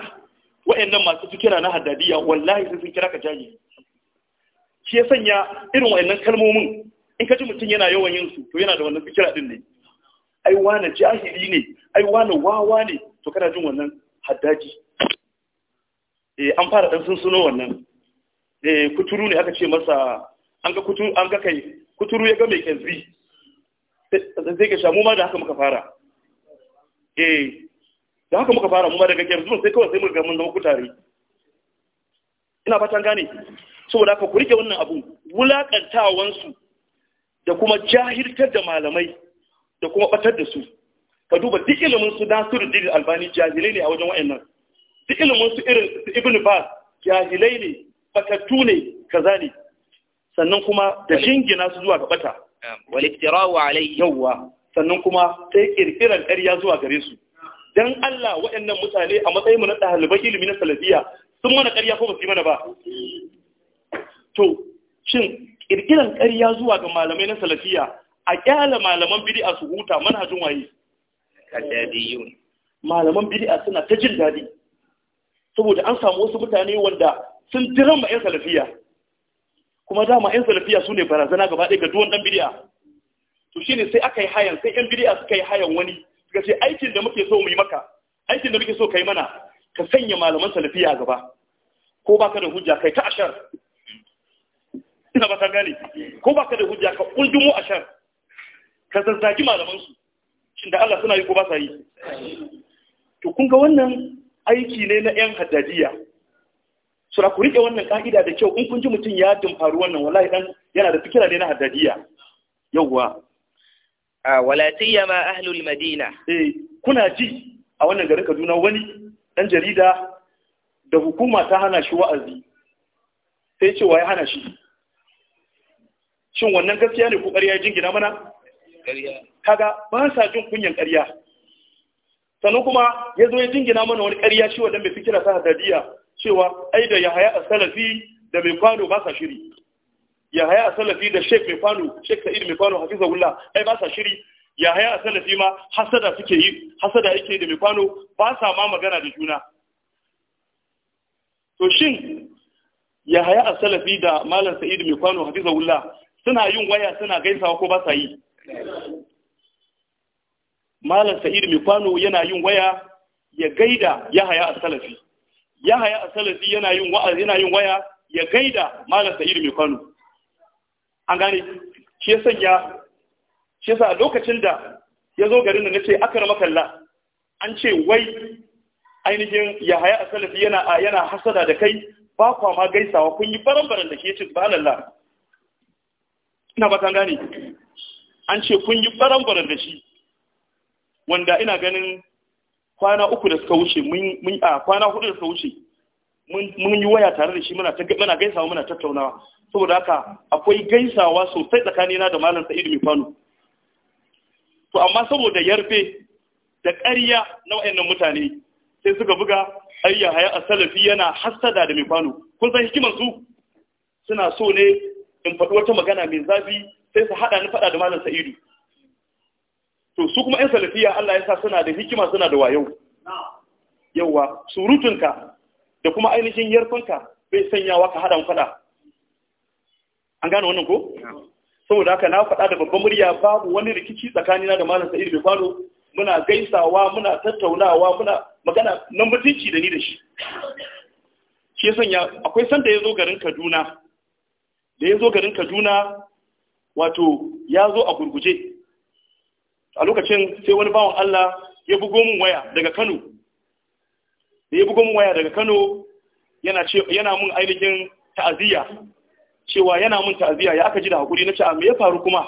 wayannan masu fikira na haddadiya wallahi sai sun kira ka jahili shi ya sanya irin wayannan kalmomin in ka ji mutum yana yawan yin su to yana da wannan fikira din ne ai wani jahili ne ai wani wawa ne to kana jin wannan haddaji eh an fara dan sunsuno wannan eh kuturu ne aka ce masa an ga kuturu an ga kai kuturu ya ga mai kanzi sai ka shamu mu ma da haka muka fara eh da haka muka fara mu ma daga kanzi sai kawai sai mu ga mun zama kutare ina fatan gane saboda haka ku rike wannan abu wulakantawansu, da kuma jahiltar da malamai da kuma batar da su ka duba duk ilimin su Nasiruddin Albani jahilai ne a wajen wayannan duk ilimin su irin Ibn bas jahilai ne fakatu ne kaza ne sannan kuma da jingina su zuwa ga bata wal alayhi yawa sannan kuma sai kirkiran ƙarya zuwa gare su dan Allah wayannan mutane a matsayin mu na ɗaliban ilimi na salafiya sun mana ƙarya ko ba su yi mana ba to shin kirkiran ƙarya zuwa ga malamai na salafiya a kyala malaman bid'a su huta manhajin waye kadadiyun malaman bid'a suna ta jin dadi saboda an samu wasu mutane wanda sun jira ma yan salafiya kuma dama yan salafiya su ne barazana gaba ɗaya ga duwan dan bid'a to shine sai aka yi hayan sai yan bid'a suka yi hayan wani suka ce aikin da muke so mu yi maka aikin da muke so kai mana ka sanya malaman salafiya gaba ko baka da hujja kai ta ashar ina ba ta gane ko baka da hujja ka kundumo ashar ka zazzaki malamansu shin da Allah suna yi ko ba sa yi to kun ga wannan aiki ne na yan haddadiya su ku rike wannan ka'ida da kyau in kun ji mutum ya faru wannan wallahi dan yana da fikira ne na haddadiya yawwa a walatiya ma ahlul madina eh kuna ji a wannan garin Kaduna wani dan jarida da hukuma ta hana shi wa'azi sai ce ya hana shi shin wannan gaskiya ne ko ƙarya ya jingina mana kaga ba sa jin kunyan ƙarya sannan kuma ya zo ya jingina mana wani ƙarya shi wanda mai fikira sa hadadiya cewa ai da ya haya a salafi da mai kwano ba sa shiri ya haya a salafi da Sheikh mai kwano sheik sa'id mai kwano Wula ai ba sa shiri ya haya a salafi ma hasada suke yi hasada yake da mai kwano ba sa ma magana da juna to shin ya haya a salafi da malam sa'id mai kwano Wula suna yin waya suna gaisawa ko ba sa yi malam sa'id mai kwano yana yin waya ya gaida yahaya a salafi haya a salafi yana yin yana yin waya ya gaida malam sa'id mai kwano an gane shi ya sanya shi yasa lokacin da ya zo garin da nace akar makalla an ce wai ainihin yahaya a salafi yana yana hasada da kai ba kwa ma gaisawa kun yi baran-baran da ke cin, ba lalla. ina ba ta gane an ce kun yi baran da shi wanda ina ganin kwana uku da suka wuce mun a kwana hudu da suka wuce mun yi waya tare da shi muna gaisawa muna tattaunawa saboda haka akwai gaisawa sosai tsakanina da malam Sa'idu kwano. to amma saboda yarfe da ƙarya na wayannan mutane sai suka buga ayya haya a salafi yana hassada da mai Mifano kun san hikimar su suna so ne in faɗi wata magana mai zafi sai su haɗa ni faɗa da malam sa'idu to su kuma yan salafiya Allah ya sa suna da hikima suna da wayo yawa surutunka da kuma ainihin yarfanka bai wa ka haɗa faɗa an gane wannan ko saboda haka na faɗa da babban murya babu wani rikici tsakanina da malam sa'idu bai faru muna gaisawa muna tattaunawa muna magana na mutunci da ni da shi shi ya sanya akwai sanda ya zo garin kaduna da ya zo garin kaduna wato ya zo a gurguje a lokacin sai wani bawan Allah ya bugo min waya daga Kano ya bugo min waya daga Kano yana ce yana mun ainihin ta'aziyya cewa yana mun ta'aziyya ya aka ji da hakuri nace a me ya faru kuma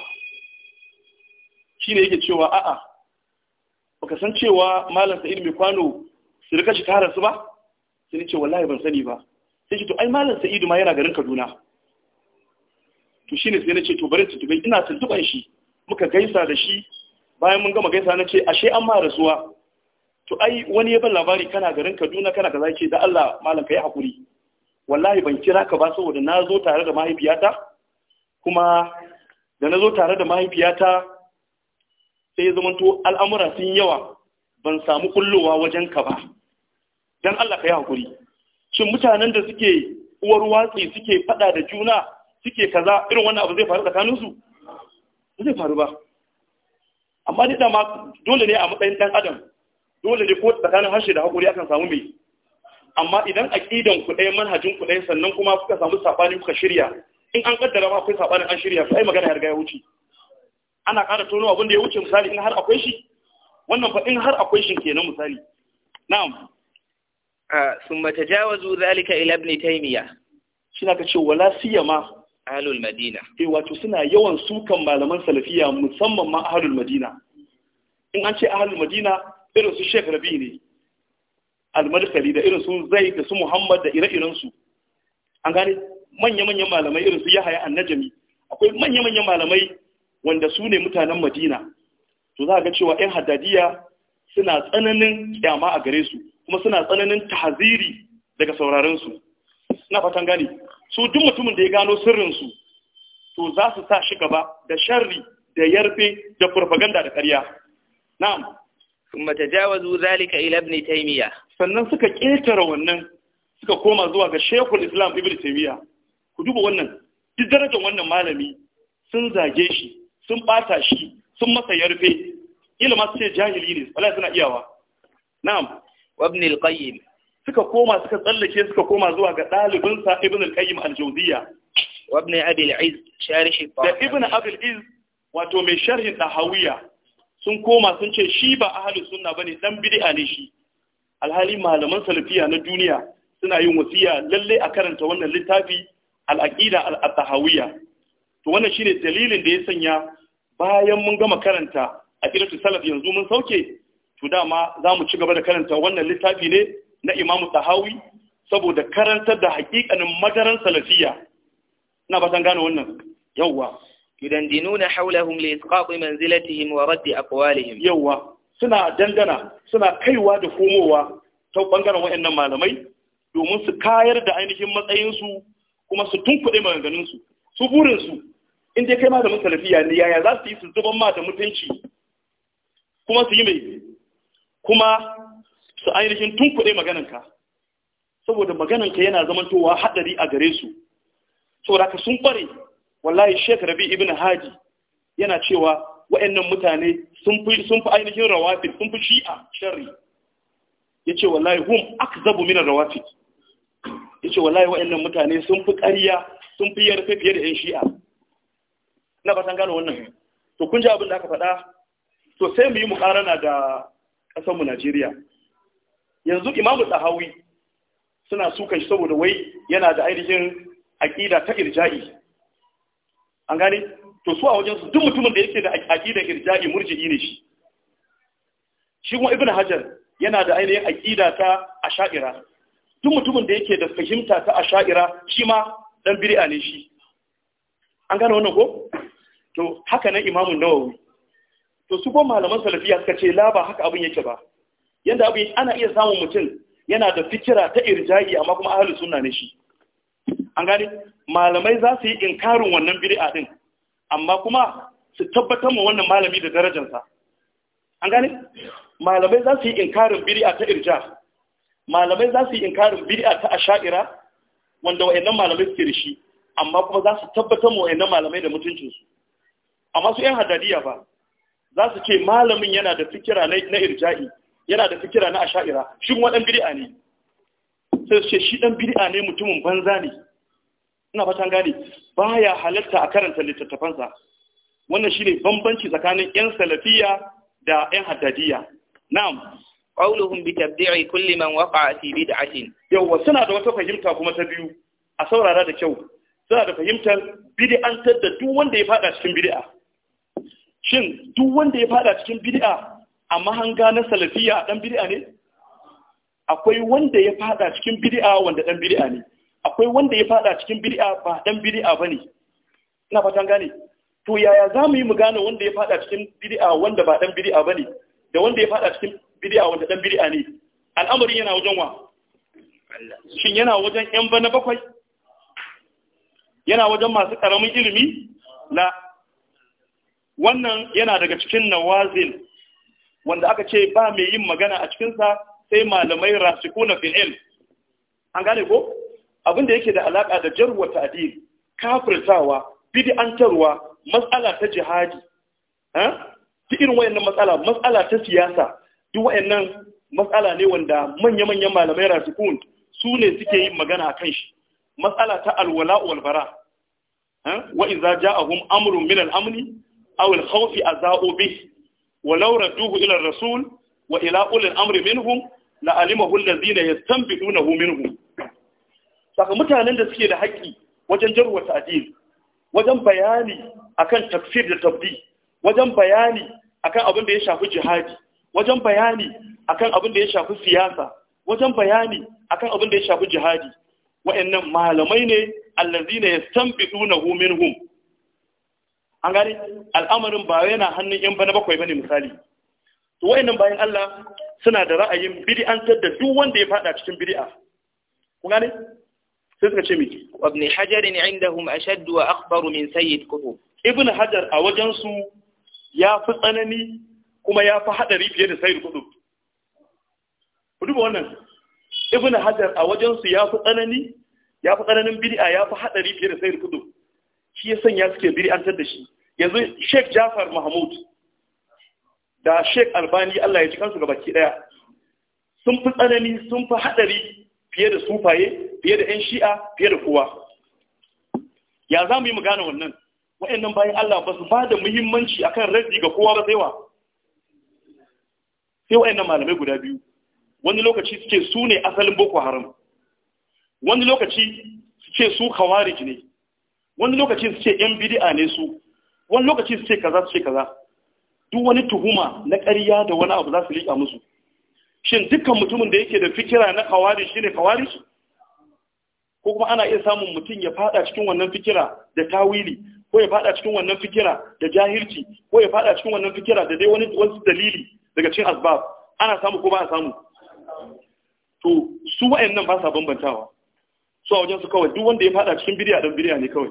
shine yake cewa a'a baka san cewa malam Sa'id mai kwano su rika shi tara su ba sai ce wallahi ban sani ba sai ki to ai malam Sa'id ma yana garin Kaduna to shine sai na ce to bari tuntube ina tuntuban shi muka gaisa da shi bayan mun gama gaisa nace ashe an ma rasuwa to ai wani ya ban labari kana garin Kaduna kana kaza ce da Allah malam kai hakuri wallahi ban kira ka ba saboda na zo tare da mahaifiyata kuma da na zo tare da mahaifiyata sai ya zamanto al'amura sun yawa ban samu kullowa wajen ka ba dan Allah kai hakuri shin mutanen da suke uwar watsi suke fada da juna suke kaza irin wannan abu zai faru tsakaninsu ba zai faru ba amma dai dama dole ne a matsayin ɗan adam dole ne ko tsakanin harshe da hakuri akan samu mai amma idan aqidan ku ɗaya manhajin ku ɗaya sannan kuma kuka samu saɓani kuka shirya in an kaddara ma akwai saɓanin an shirya sai magana ya riga ya wuce ana ƙara tono abin da ya wuce misali in har akwai shi wannan fa in har akwai shi kenan misali na'am ثم تجاوزوا ذلك إلى ابن تيمية شنو كتشو ولا سيما ahlul madina eh wato suna yawan sukan malaman salafiya musamman ma ahlul madina in an ce ahlul madina irin su Sheikh Rabi ne al-Madkhali da irin su Zaid da su Muhammad da ire-iren su an gane manya-manyan malamai irin su Yahya an-Najmi akwai manya-manyan malamai wanda su ne mutanen Madina to za ga cewa ƴan Haddadiya suna tsananin kyama a gare su kuma suna tsananin tahziri daga sauraron su ina fatan gane su duk mutumin da ya gano sirrinsu to za su sa shi gaba da sharri da yarfe da farfaganda da ƙarya na'am kuma jawazu zalika ila ibn taymiya sannan suka ƙetare wannan suka koma zuwa ga shekul islam ibn taymiya ku duba wannan duk darajar wannan malami sun zage shi sun ɓata shi sun masa yarfe ilma su ce jahili ne wallahi suna iyawa na'am wa ibn qayyim suka koma suka tsallake suka koma zuwa ga ɗalibinsa ibn al-qayyim al-jawziya wa ibn abi al-iz da ibn abi al-iz wato mai sharhin ɗahawiya, sun koma sun ce shi ba ahlus sunna bane dan bid'a ne shi alhali malaman salafiya na duniya suna yin wasiya lalle a karanta wannan littafi al-aqida al-tahawiyya to wannan shine dalilin da ya sanya bayan mun gama karanta aqidatu salaf yanzu mun sauke to dama za mu ci gaba da karanta wannan littafi ne na imamu tahawi saboda karantar da hakikanin madaran salafiya ina batan gane wannan yawwa yudandinuna hawlahum li isqati manzilatihim wa a aqwalihim yawwa suna dangana suna kaiwa da komowa ta bangaren wayannan malamai domin su kayar da ainihin matsayinsu su kuma su tunkuɗe maganganun su su burin su in dai kai malamin salafiya ne yaya za su yi su zuban ma da mutunci kuma su yi mai kuma su ainihin tunkuɗe magananka saboda magananka yana zamantowa haɗari a gare su saboda ka sun ƙware wallahi shek rabi ibn haji yana cewa wa'annan mutane sun fi sun fi ainihin rawafin sun fi shi'a Ya ce wallahi hum minar min Ya ce wallahi wa'annan mutane sun fi ƙariya sun fi yarfe fiye da 'yan shi'a na ba san gano wannan to kun ji abin da aka faɗa to sai mu yi ƙarana da ƙasarmu Najeriya yanzu imamu tahawi suna sukan shi saboda wai yana da ainihin aƙida ta irja'i an gane to su a wajen su duk mutumin da yake da aƙida irja'i murji'i ne shi shi kuma ibn hajar yana da ainihin aƙida ta asha'ira duk mutumin da yake da fahimta ta asha'ira shi ma dan bid'a ne shi an gane wannan ko to haka nan imamu nawawi to su ko malaman salafiya suka ce la ba haka abin yake ba yanda abu ana iya samun mutum yana da fikira ta irja'i amma kuma ahlus suna ne shi an gane malamai za su yi inkarin wannan a din amma kuma su tabbatar ma wannan malami da darajarsa an gane malamai za su yi inkarin bid'a ta irja malamai za su yi inkarin bid'a ta asha'ira wanda wayannan malamai suke da shi amma kuma za su tabbatar ma wayannan malamai da mutuncinsu amma su yan hadadiya ba za su ce malamin yana da fikira na irja'i yana da fikira na asha'ira shi kuma dan bid'a ne sai ce shi dan bid'a ne mutumin banza ne ina fatan gane baya halatta a karanta littattafansa wannan shine bambanci tsakanin yan salafiya da yan haddadiya na'am qawluhum bi tabdi'i kulli man waqa'a fi bid'atin yawa suna da wata fahimta kuma ta biyu a saurara da kyau suna da fahimtar bid'antar da duk wanda ya fada cikin bid'a shin duk wanda ya fada cikin bid'a a mahanga na salafiya dan bid'a ne akwai wanda ya fada cikin bid'a wanda dan bid'a ne akwai wanda ya fada cikin bid'a ba dan bid'a bane ina fatan gane to yaya za mu yi mu gane wanda ya fada cikin bid'a wanda ba dan bid'a bane da wanda ya fada cikin bid'a wanda dan bid'a ne al'amarin yana wajen wa shin yana wajen yan bana bakwai yana wajen masu karamin ilimi la wannan yana daga cikin nawazil wanda aka ce ba mai yin magana a cikinsa sai malamai rasikuna fil ilm an gane ko abin da yake da alaka da jarwa adil kafirtawa bid'antarwa matsala ta jihadi ha duk irin wayannan matsala matsala ta siyasa duk wayannan matsala ne wanda manya-manyan malamai rasikun su ne suke yin magana a kan shi matsala ta alwala walbara wa ja ja'ahum amrun min al-amni aw al-khawfi walau radduhu ila rasul wa ila ulil amri minhum la alimahu allazina yastanbidunahu saka mutanen da suke da haƙƙi wajen jarwa ta'dil wajen bayani akan tafsir da tabdi wajen bayani akan abin da ya shafi jihadi wajen bayani akan abin da ya shafi siyasa wajen bayani akan abin da ya shafi jihadi wa'annan malamai ne allazina yastanbidunahu minhum an gane al'amarin ba yana hannun yan bana bakwai bane misali to wayannan bayan Allah suna da ra'ayin bid'antar da duk wanda ya fada cikin bid'a kun gane sai suka ce miki ibn hajar indahum ashad wa akbar min sayyid kutub ibn hajar a wajen su ya fi tsanani kuma ya fi hadari fiye da sayyid kutub ku duba wannan ibn hajar a wajen su ya fi tsanani ya fi tsananin bid'a ya fi hadari fiye da sayyid kutub shi ya sanya suke bid'antar da shi yanzu Sheikh Jafar Mahmud da Sheikh Albani Allah ya ji kansu gabaki daya sun fi tsanani sun fi hadari fiye da sufaye fiye da yan shi'a fiye da kowa ya za mu yi mu gane wannan wa'annan bayan Allah ba su ba da muhimmanci akan ra'zi ga kowa ba sai wa sai wa'annan malamai guda biyu wani lokaci suke su ne asalin boko haram wani lokaci suke su khawarij ne wani lokaci su ce yan bidi'a ne su wani lokaci su ce kaza su ce kaza duk wani tuhuma na ƙarya da wani abu za su liƙa musu shin dukkan mutumin da yake da fikira na kawari ne kawari ko kuma ana iya samun mutum ya fada cikin wannan fikira da tawili ko ya fada cikin wannan fikira da jahilci ko ya fada cikin wannan fikira da dai wani wasu dalili daga cikin asbab ana samu ko ba a samu to su wa'annan ba sa bambantawa su a wajen su kawai duk wanda ya fada cikin bidiya dan bidiya ne kawai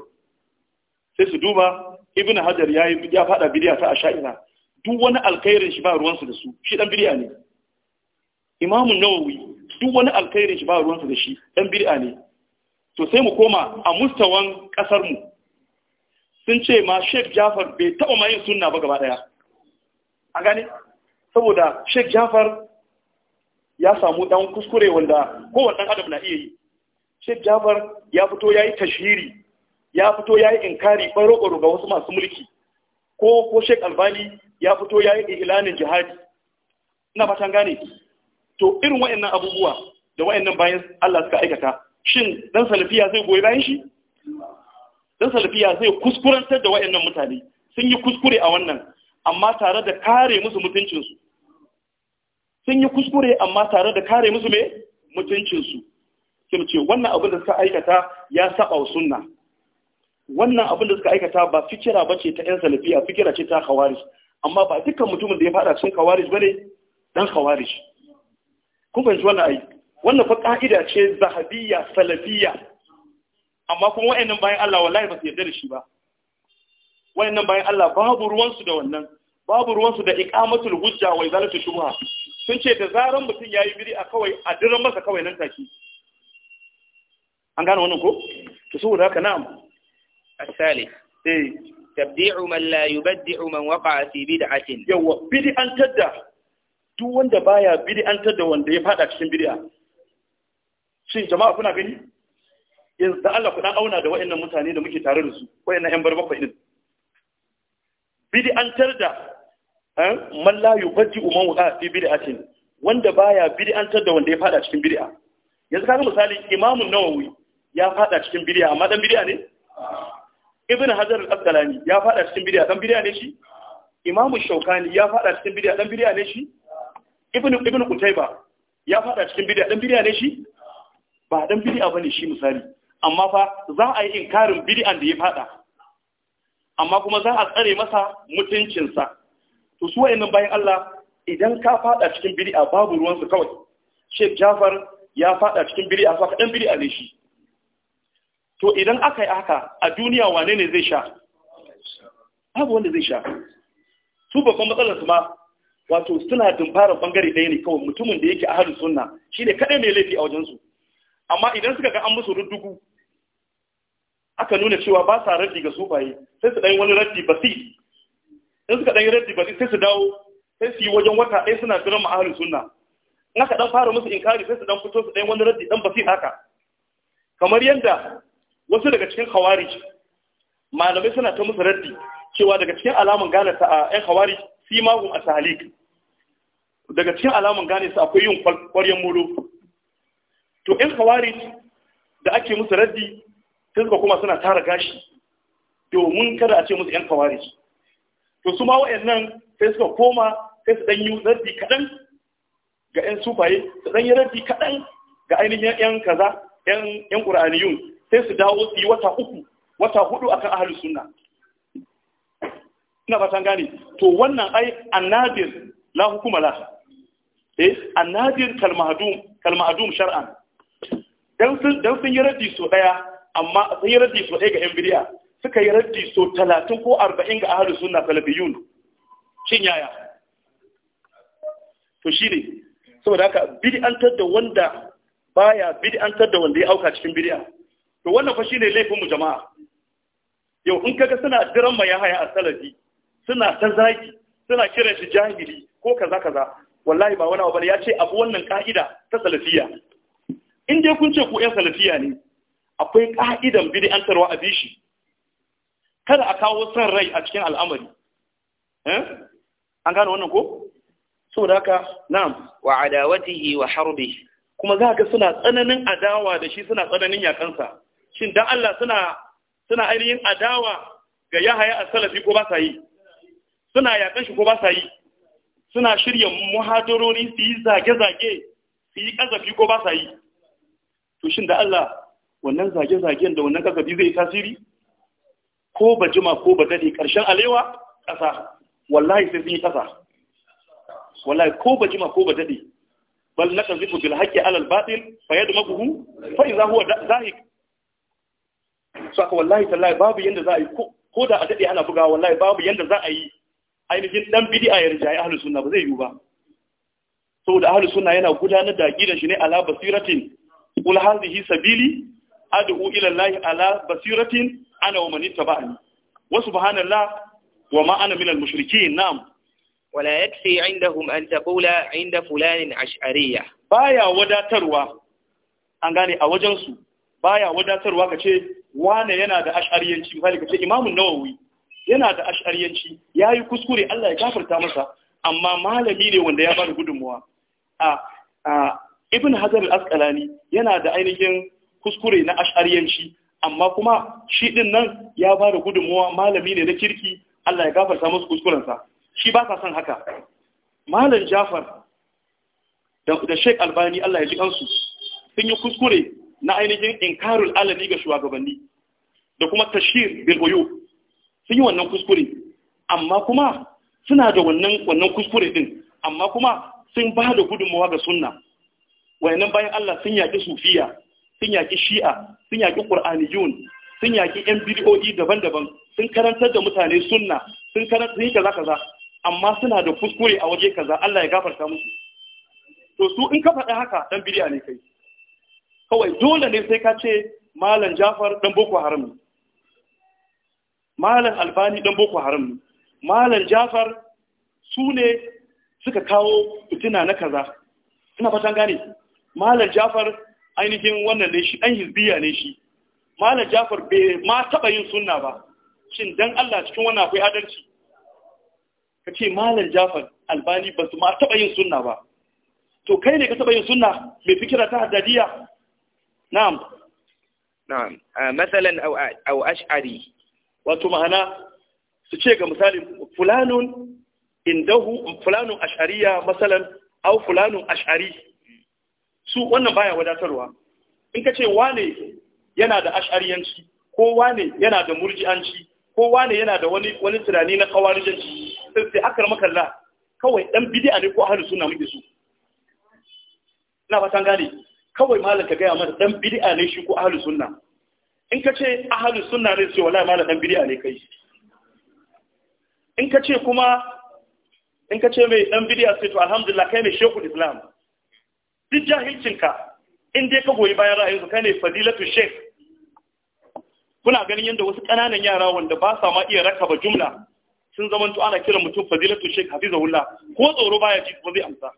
sai su duba ibn hajar ya ya fada bidiya ta asha'ira duk wani alkhairin shi ba ruwansu da su shi dan bidiya ne imamun nawawi duk wani alkhairin shi ba ruwansu da shi dan bidiya ne to sai mu koma a mustawan kasar mu sun ce ma Sheikh Jafar bai taba ma sunna ba gaba daya an gane saboda Sheikh Jafar ya samu dan kuskure wanda kowa dan adam na iya yi Sheikh Jafar ya fito yayi tashhiri ya fito ya yi inkari ɓaro-ɓaro ga wasu masu mulki ko ko sheik albani ya fito ya yi ilanin jihadi ina fatan gane to irin wa'annan abubuwa da wa'annan bayan Allah suka aikata shin dan salafiya zai goyi bayan shi dan salafiya zai kuskurantar da wa'annan mutane sun yi kuskure a wannan amma tare da kare musu mutuncinsu sun yi kuskure amma tare da kare musu me mutuncinsu sai mu ce wannan abin da suka aikata ya saba wa sunna wannan abin da suka aikata ba fikira ba ce ta 'yan salafiya fikira ce ta khawarij amma ba dukkan mutumin da ya fada cikin khawarij ba ne dan khawarij kun fahimci wannan ai wannan fa ka'ida ce zahabiyya salafiyya amma kuma wayannan bayan Allah wallahi ba su yarda da shi ba wayannan bayan Allah babu ruwan su da wannan babu ruwan su da iqamatul hujja wa izalatu shubha sun ce da zaran mutum yayi a kawai a diran masa kawai nan take an gane wannan ko to saboda haka na'am الثالث إيه؟ تبديع من لا يبدع من وقع في بدعة يوا بدعة تدع duk wanda baya bid'antar da wanda ya fada cikin bid'a shin jama'a kuna gani yanzu da Allah kuna auna da wayannan mutane da muke tare da su wayannan yan barbakwai din bid'antar da man la yubdi umman wa fi bid'atin wanda baya bid'antar da wanda ya fada cikin bid'a yanzu kaga misali Imam Nawawi ya fada cikin bid'a amma dan bid'a ne ibn hajar al-asqalani ya fada cikin bid'a dan bid'a ne shi imamu shaukani ya fada cikin bid'a dan bid'a ne shi ibn ibn qutayba ya fada cikin bid'a dan bid'a ne shi ba dan bid'a bane shi misali amma fa za a yi inkarin bid'an da ya fada amma kuma za a tsare masa mutuncinsa to su wayannan bayan Allah idan ka fada cikin bid'a babu ruwansu kawai Sheikh Jafar ya fada cikin bid'a fa dan bid'a ne shi to idan aka yi haka a duniya wane ne zai sha abu wanda zai sha su babban matsalar su ma wato suna fara bangare ɗaya ne kawai mutumin da yake ahalin suna shi ne kaɗai mai laifi a wajensu amma idan suka ga an musu ruddugu aka nuna cewa ba sa raddi ga sufaye sai su ɗan wani raddi basi in suka ɗan yi raddi basi sai su dawo sai su yi wajen wata ɗaya suna jiran ma'ahalin suna. in aka ɗan fara musu inkari sai su ɗan fito su ɗan wani raddi ɗan basi haka kamar yadda wasu daga cikin khawarij malamai suna ta musu raddi cewa daga cikin alamun gane ta a yan khawarij fi ma a asalik daga cikin alamun gane su akwai yin kwaryan molo to yan khawarij da ake musu raddi sai suka kuma suna tara gashi domin kada a ce musu yan khawarij to su ma nan sai suka koma sai su ɗan yi raddi kaɗan ga yan sufaye su ɗan yi raddi kaɗan ga ainihin yan kaza yan yan qur'aniyun sai su dawo su yi wata uku wata hudu akan ahalus suna. ina fatan gane to wannan ai annadir la hukuma la eh annadir kalmahadum kalmahadum shar'an dan sun yi raddi so daya amma sun yi raddi so daya ga yan bid'a suka yi raddi so talatin ko arba'in ga ahalus suna salafiyun shin yaya to shi ne saboda haka bid'antar da wanda baya bid'antar da wanda ya auka cikin bid'a to wannan fa shine laifin mu jama'a yau in kaga suna diran mai haya a salafi suna ta zagi suna kiran shi jahili ko kaza kaza wallahi ba wani abu ya ce abu wannan ka'ida ta salafiya in dai kun ce ku yan salafiya ne akwai ka'idan bid'antarwa a bishi kada a kawo son rai a cikin al'amari eh an gane wannan ko saboda haka na'am wa adawatihi wa harbi kuma za ga suna tsananin adawa da shi suna tsananin yakansa shin dan Allah suna suna ainihin adawa ga Yahaya as-Salafi ko ba sa yi suna yakan shi ko ba sa yi suna shirya muhadarori su yi zage-zage su yi kazafi ko ba sa yi to shin da Allah wannan zage-zagen da wannan kazafi zai tasiri ko ba jima ko ba dade karshen alewa ƙasa wallahi sai sun yi ƙasa wallahi ko ba jima ko ba dade bal naqzifu bil haqqi alal batil fa fa idha huwa zahiq so aka wallahi tallahi babu yadda za a yi ko da a dade ana buga wallahi babu yadda za a yi ainihin dan bid'a ya rijayi ahlus sunna ba zai yiwu ba saboda ahlus suna yana gudanar da gidan shi ne ala basiratin qul hadhihi sabili ad'u ila allahi ala basiratin ana wa man ittaba'ani wa subhanallah wa ma ana minal mushrikin na'am wala yakfi 'indahum an taqula 'inda fulanin ash'ariyya baya wadatarwa an gane a wajen su baya wadatarwa kace wane yana da ash'ariyanci misali ce imamun nawawi yana da ash'ariyanci yi kuskure Allah ya kafarta masa amma malami ne wanda ya bada gudunmuwa a ibn hajar al yana da ainihin kuskure na ash'ariyanci amma kuma shi din nan ya bada gudunmuwa malami ne na kirki Allah ya gafarta masa kuskurensa shi ba ka son haka malam jafar da shek albani Allah ya ji kansu sun yi kuskure na ainihin inkarul alami ga shugabanni da kuma tashir bil uyub sun yi wannan kuskure amma kuma suna da wannan wannan kuskure din amma kuma sun ba da gudunmawa ga sunna wayannan bayan Allah sun yaki sufiya sun yaki shi'a sun yaki qur'aniyun sun yaki yan bid'o'i daban-daban sun karantar da mutane sunna sun karantar da kaza kaza amma suna da kuskure a waje kaza Allah ya gafarta musu to su in ka faɗa haka dan bid'a ne kai kawai dole ne sai ka ce malam jafar dan boko haram ne malam albani dan boko haram ne malam jafar su ne suka kawo fitina na kaza ina fatan gane malam jafar ainihin wannan ne shi dan hizbiya ne shi malam jafar bai ma taba yin sunna ba shin dan Allah cikin wannan akwai adalci ka ce malam jafar albani ba su ma taba yin sunna ba to kai ne ka taba yin sunna mai fikira ta haddadiya نعم نعم masalan au ash'ari wato ma'ana su ce ga misali fulanun indahu fulanun مثلا masalan au fulanun ash'ari su wannan baya wadatarwa in ka ce wane yana da ash'ariyanci ko wane yana da murji'anci ko wane yana da wani wani tunani na kawarijanci sai akar makalla kawai dan bid'a ne ko ahlus sunna muke su ina fatan gane kawai malam ka gaya mana dan bid'a ne shi ko ahli sunna in ka ce ahli sunna ne sai wallahi malam dan bid'a ne kai in ka ce kuma in kace mai dan bid'a sai to alhamdulillah kai ne shekul islam duk ka, in dai ka goyi bayan ra'ayinsu kai ne fadilatu sheikh kuna ganin yadda wasu ƙananan yara wanda ba sa ma iya rakaba jumla sun zamanto ana kiran mutum fadilatu sheikh hafizahullah ko tsoro baya ji ko zai amsa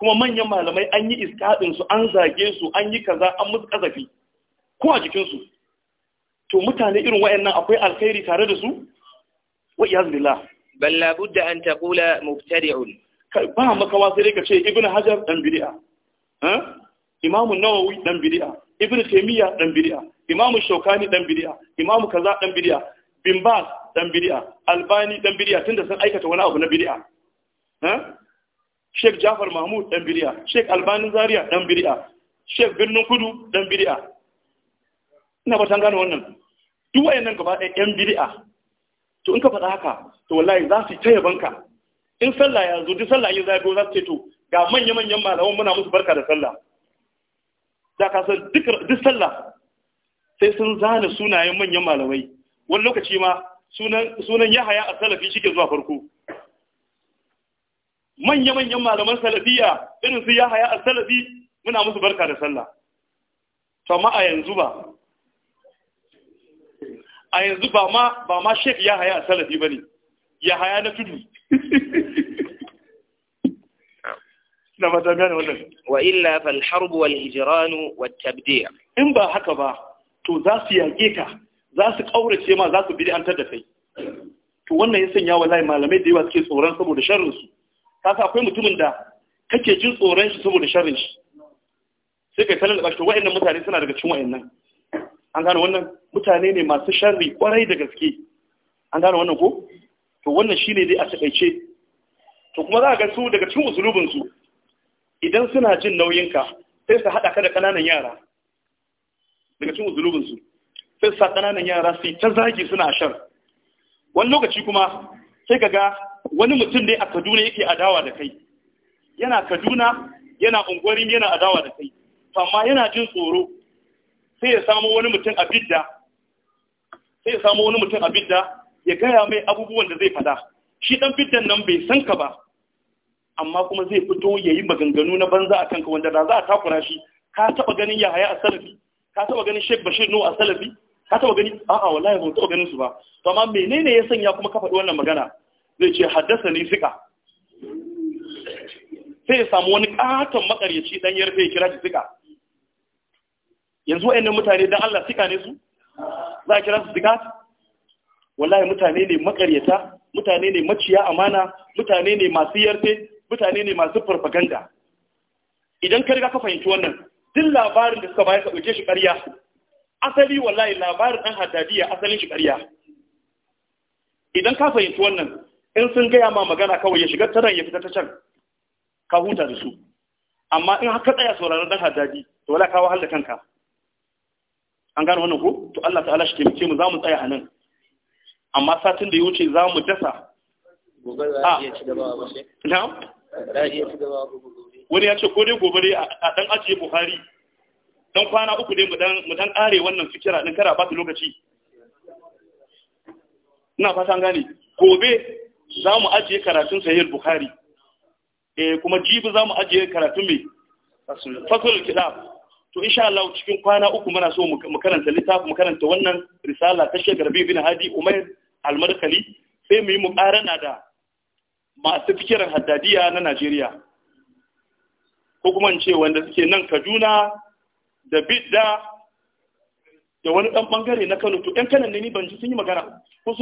kuma manyan malamai an yi iskaɗin su an zage su an yi kaza an musu kazafi ko a jikin su to mutane irin wayannan akwai alkhairi tare da su wa iyaz bal la budda an taqula mubtadi'un ba makawa sai dai ka ce ibnu hajar dan bid'a ha imamu nawawi dan bid'a ibnu taymiya dan bid'a imamu shaukani dan bid'a imamu kaza dan bid'a bin dan bid'a albani dan bid'a tunda sun aikata wani abu na bid'a ha Sheikh Jafar Mahmud ɗan biriya. Sheikh Albani Zaria ɗan biriya. Sheikh Birnin Kudu ɗan biriya. Ina ba tan gane wannan. Duk nan gaba ɗaya yan bid'a. To in ka faɗa haka, to wallahi za su ta yabanka. In sallah ya zo, duk sallah ya zago za su ce to ga manya-manyan malaman muna musu barka da sallah. Da ka san duk sallah sai sun zana sunayen manyan malamai. Wani lokaci ma sunan Yahaya a salafi shi ke zuwa farko. manya-manyan malaman salafiya irin su ya haya a salafi muna musu barka da sallah to amma a yanzu ba a yanzu ba ma ba ma shek haya a salafi bane haya na tudu [laughs] na fata gane wannan wa illa fal harb wal hijran wat tabdi' in ba haka ba to za su yake ka za su kaurace ma za su bid'antar da kai to wannan ya sanya wallahi malamai da yawa suke tsoron saboda sharrin su kasa akwai mutumin da kake jin tsoron shi saboda sharrin shi sai kai talar da shi wa'annan mutane suna daga cikin wa'annan an gano wannan mutane ne masu sharri kwarai da gaske an gano wannan ko to wannan shine dai a takaice to kuma za ga su daga cikin usulubin su idan suna jin nauyin ka, sai su haɗa ka da ƙananan yara daga cikin su sai su sa ƙananan yara su ta zagi suna shar wani lokaci kuma sai ka ga wani mutum ne a kaduna yake adawa da kai yana kaduna yana unguwarin yana adawa da kai amma yana jin tsoro sai ya samu wani mutum a bidda sai ya samu wani mutum a bidda ya gaya mai abubuwan da zai fada shi dan biddan nan bai san ka ba amma kuma zai fito ya yi maganganu na banza a kanka wanda da za a takura shi ka taba ganin yahaya a salafi ka taba ganin shek bashir no a salafi ka taɓa gani a'a wallahi ba taba ganin su ba to amma menene ya sanya kuma ka faɗi wannan magana zai ce haddasa ni sika sai ya samu wani ƙaton makaryaci dan yar sai ya kira shi sika yanzu wayannan mutane dan Allah sika ne su za a kira su sika wallahi mutane ne makaryata mutane ne maciya amana mutane ne masu yarfe mutane ne masu farfaganda idan ka riga ka fahimci wannan duk labarin da suka bayar ka ɗauke shi ƙarya asali wallahi labarin ɗan hadadiya asalin shi ƙarya idan ka fahimci wannan in sun gaya ma magana kawai ya shiga ran ya fita ta can ka huta da su amma in haka tsaya sauraron ɗan haddadi to wala ka wahal da kanka an gane wannan ko to Allah ta'ala shi ke mu za mu tsaya anan. amma satin da ya wuce za mu dasa wani ya ce ko dai gobe dai a ɗan ajiye buhari don kwana uku dai mu dan kare wannan fikira din kara ba su lokaci ina fatan gane gobe za mu ajiye karatun sahih bukhari eh kuma jibi za mu ajiye karatun mai fasul kitab to insha Allah cikin kwana uku muna so mu karanta littafi mu karanta wannan risala ta Sheikh Rabi bin Hadi umar, Al-Madkhali sai mu yi muqarana da masu fikiran haddadiya na Najeriya ko kuma in ce wanda suke nan Kaduna da bidda da wani ɗan ɓangare na kano to ‘yan kanan ne ni ban ji sun yi magana ko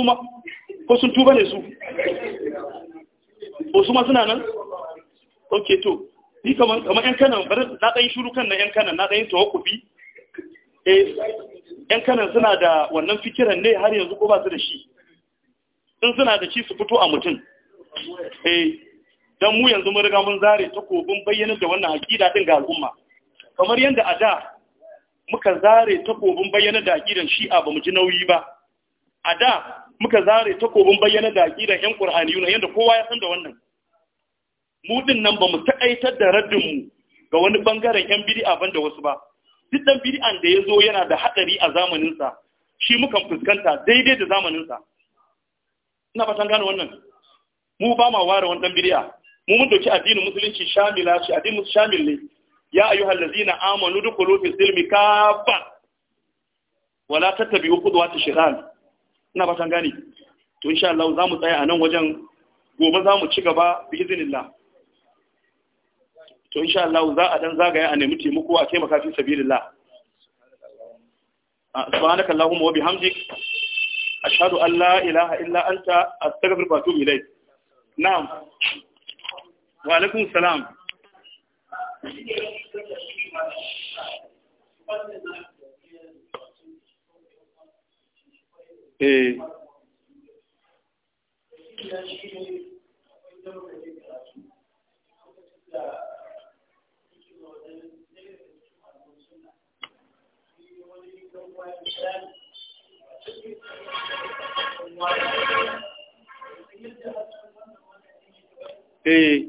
sun tuba ne su ko su ma suna nan ok to ni kaman ‘yan kanan bari na ɗayin shuru kan na ‘yan kanan na ɗayin tawakubi eh ‘yan kanan suna da wannan fikiran ne har yanzu ko ba su da shi Sun suna da shi su fito a mutum eh don mu yanzu mun riga mun zare takobin bayyana da wannan aƙida ɗin ga al'umma kamar yadda a da muka zare takobin bayyana da aqidan shi'a ba mu ji nauyi ba a da muka zare takobin bayyana da ƴan yan na, yanda kowa ya san da wannan mu din nan ba mu taƙaitar da raddin mu ga wani bangaren ƴan bid'a banda wasu ba duk dan bid'an da yazo yana da hadari a zamanin sa shi mukan fuskanta daidai da zamanin sa ina fatan gane wannan mu ba ma ware wani dan bid'a mu mun doki addinin musulunci shamila shi addinin shamil ne ya ayyuhal ladzina amanu dukulu fil silmi kafa. wala tattabi tattabi'u khudwati shaytan ina ba tan gani to insha Allah zamu tsaya a nan wajen gobe zamu ci gaba bi iznillah to insha Allah za a dan zagaya a nemi taimako a taimaka fi sabilillah ah, subhanaka allahumma wa bihamdik ashhadu an la ilaha illa anta astaghfiruka wa atubu ilayk na'am wa alaikum salam Eh. Eh.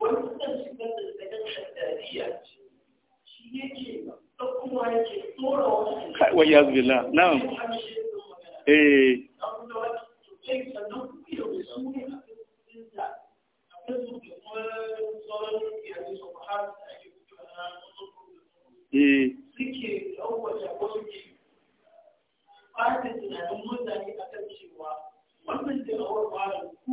wannan shigar da zagan ce shi yake da kuma yake tsora wani wai ya zubi la na'am eh Eh. Suke ɗaukata ko suke ɓata tunanin mutane a kan cewa wannan da ku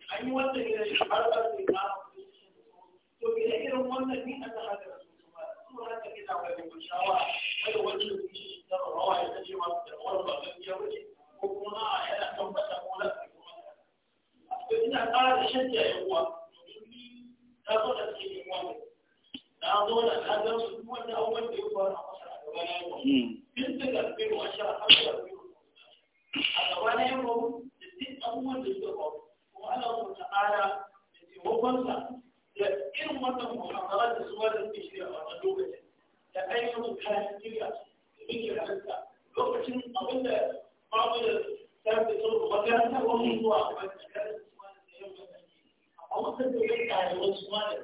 an yi wannan gidan shi har ba su ba to ire irin wannan ni an da haka su kuma su haka gida wa da shawa kada wani da shi da rawa ya tace ma da wani ba gaskiya ba ko kuma a yana tabbata ko la su kuma to ina ƙara shaddiya yan uwa ni na zo da cikin wannan na zo da ka ga su wannan abubuwan da ya faru a masa a gaba na yau bin da garbe wa sha har da a gaba na yau da duk abubuwan da suka faru kuma ana so ta'ala da taimakonsa da irin wannan mu'amala da zuwa da suke shirya a wannan lokacin da ainihin kayan shirya da muke halitta lokacin abin da babu da sarfi sau da ta ko mun zuwa a wani makaranta su wani da yau da a wasan da yau ɗaliban su wani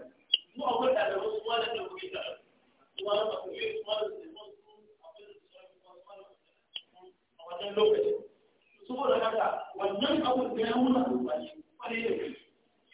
mu akwai ɗaliban su wani da kuke da su wani da kuke su wani da su abin da su wani a wannan lokacin saboda haka wannan abin da ya nuna ba kwarai da gaske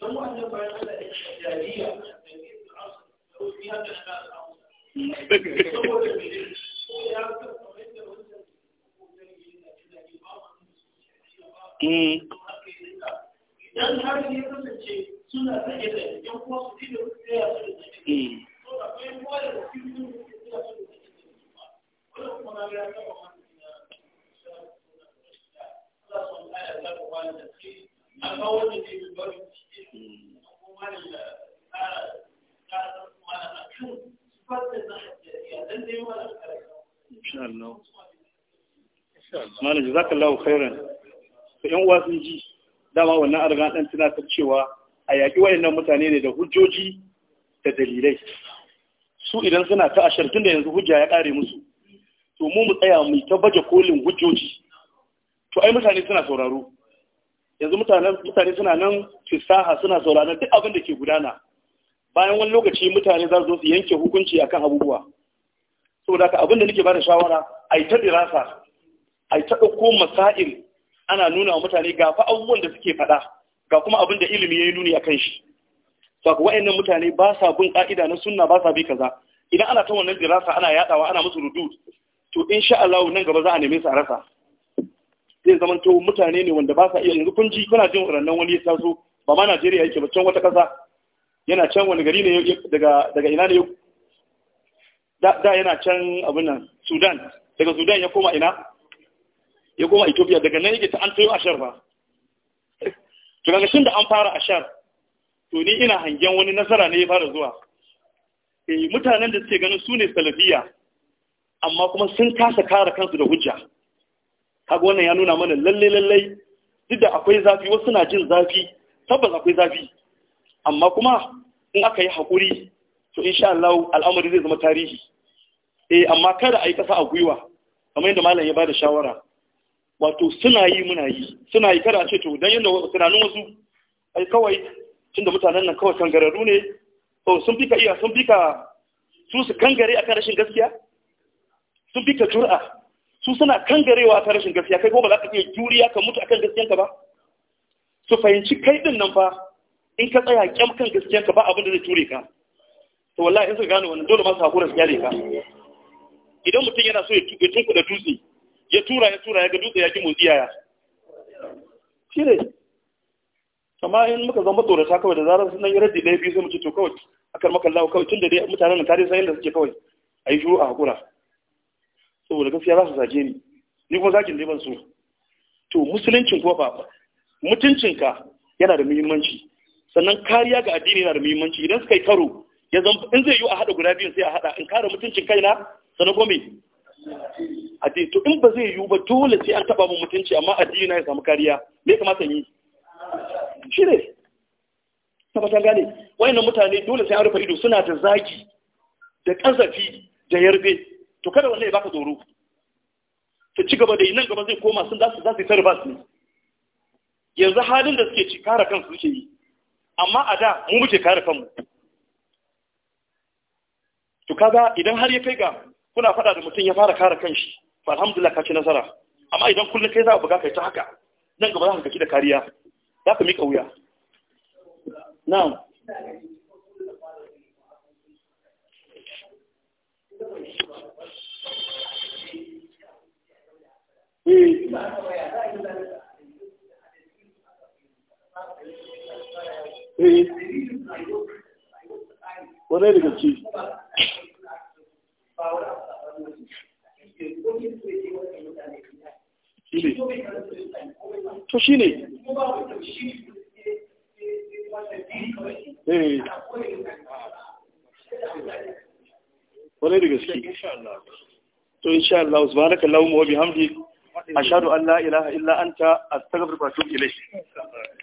ثم أن يبقى أن الإحجارية idan har ne kasance suna sanye da yan kuma su ne da su da su da lau khairan to yan uwa sun ji dama wannan an dan tana ta cewa a yaki wayannan mutane ne da hujjoji da dalilai su idan suna ta ashar tunda yanzu hujja ya kare musu to mu mu tsaya mu ta baje kolin hujjoji to ai mutane suna sauraro yanzu mutane suna nan fisaha suna sauraro duk abin da ke gudana bayan wani lokaci mutane za su zo su yanke hukunci akan abubuwa saboda ka abin da nake ba da shawara a ta dirasa ai ta masail ana nuna wa mutane ga fa abubuwan da suke faɗa ga kuma abin da ilimi ya yi nuni a kan shi saka wa'annan mutane ba sa bin ƙa'ida na sunna ba sa bi kaza idan ana ta wannan dirasa ana yaɗawa ana musu rudu, to insha Allah nan gaba za a neme su a rasa zai zama to mutane ne wanda ba sa iya yanzu kun ji kuna jin rannan wani ya taso ba ma Najeriya yake ba can wata ƙasa yana can wani gari ne daga daga ina ne da yana can abin nan Sudan daga Sudan ya koma ina ya goma Ethiopia daga nan yake ta an tayo ashar ba to daga shin da an fara ashar to ni ina hangen wani nasara ne ya fara zuwa eh mutanen da suke ganin su ne salafiya amma kuma sun kasa kare kansu da hujja kaga wannan ya nuna mana lalle lallai duk da akwai zafi wasu na jin zafi tabbas akwai zafi amma kuma in aka yi hakuri, to insha Allah al'amari zai zama tarihi eh amma kada a yi ƙasa a gwiwa kamar yadda malam ya bada shawara wato suna yi muna yi suna yi kada ce to dan yanda tunanin wasu ai kawai tunda mutanen nan kawai kangararru ne to sun fika iya sun fika su su kangare akan rashin gaskiya sun fika jur'a su suna kangarewa akan rashin gaskiya kai ko ba za ka iya juriya ka mutu akan gaskiyanka ba su fahimci kai din nan fa in ka tsaya kyam kan gaskiyanka ba abin da zai ture ka to wallahi in suka gane wannan dole ma su hakura su gyare ka idan mutum yana so ya da dutse ya tura ya tura ya ga dutse ya ki motsi yaya shi ne amma in muka zama tsorata kawai da zarar sun yi raddi ya biyu sai mu ci to kawai akan maka ko kawai tun da dai mutanen nan tare sai inda suke kawai a yi shiru a hakura saboda gaskiya za su sake ni ni kuma zakin dai ban so to musuluncin kuwa ba mutuncinka yana da muhimmanci sannan kariya ga addini yana da muhimmanci idan suka yi karo ya zama in zai yi a haɗa guda biyun sai a haɗa in kare mutuncin kaina sannan kuma addini to in ba zai yiwu ba dole sai an taba mu mutunci amma addini ya samu kariya me kamata yi shi ne tabbata gane wayannan mutane dole sai an rufe ido suna da zaki da kansafi da yarbe to kada wannan ya baka tsoro ta ci gaba da yi nan gaba zai koma sun za su yi su yi tarba su yanzu halin da suke ci kare kansu suke yi amma a da mu muke kare kanmu to kaga idan har ya kai ga kuna faɗa da mutum ya fara kare kanshi fa alhamdulillah ka ci nasara amma idan kullum kai za a buga kai ta haka nan gaba za ka kaki da kariya za ka miƙa wuya na'am eh. eh. Wane da gaske? to shi ne wadai eh. da gaske to insha Allah subhanaka Allahumma wa bihamdik ashhadu an la ilaha illa anta astaghfiruka da atubu ilai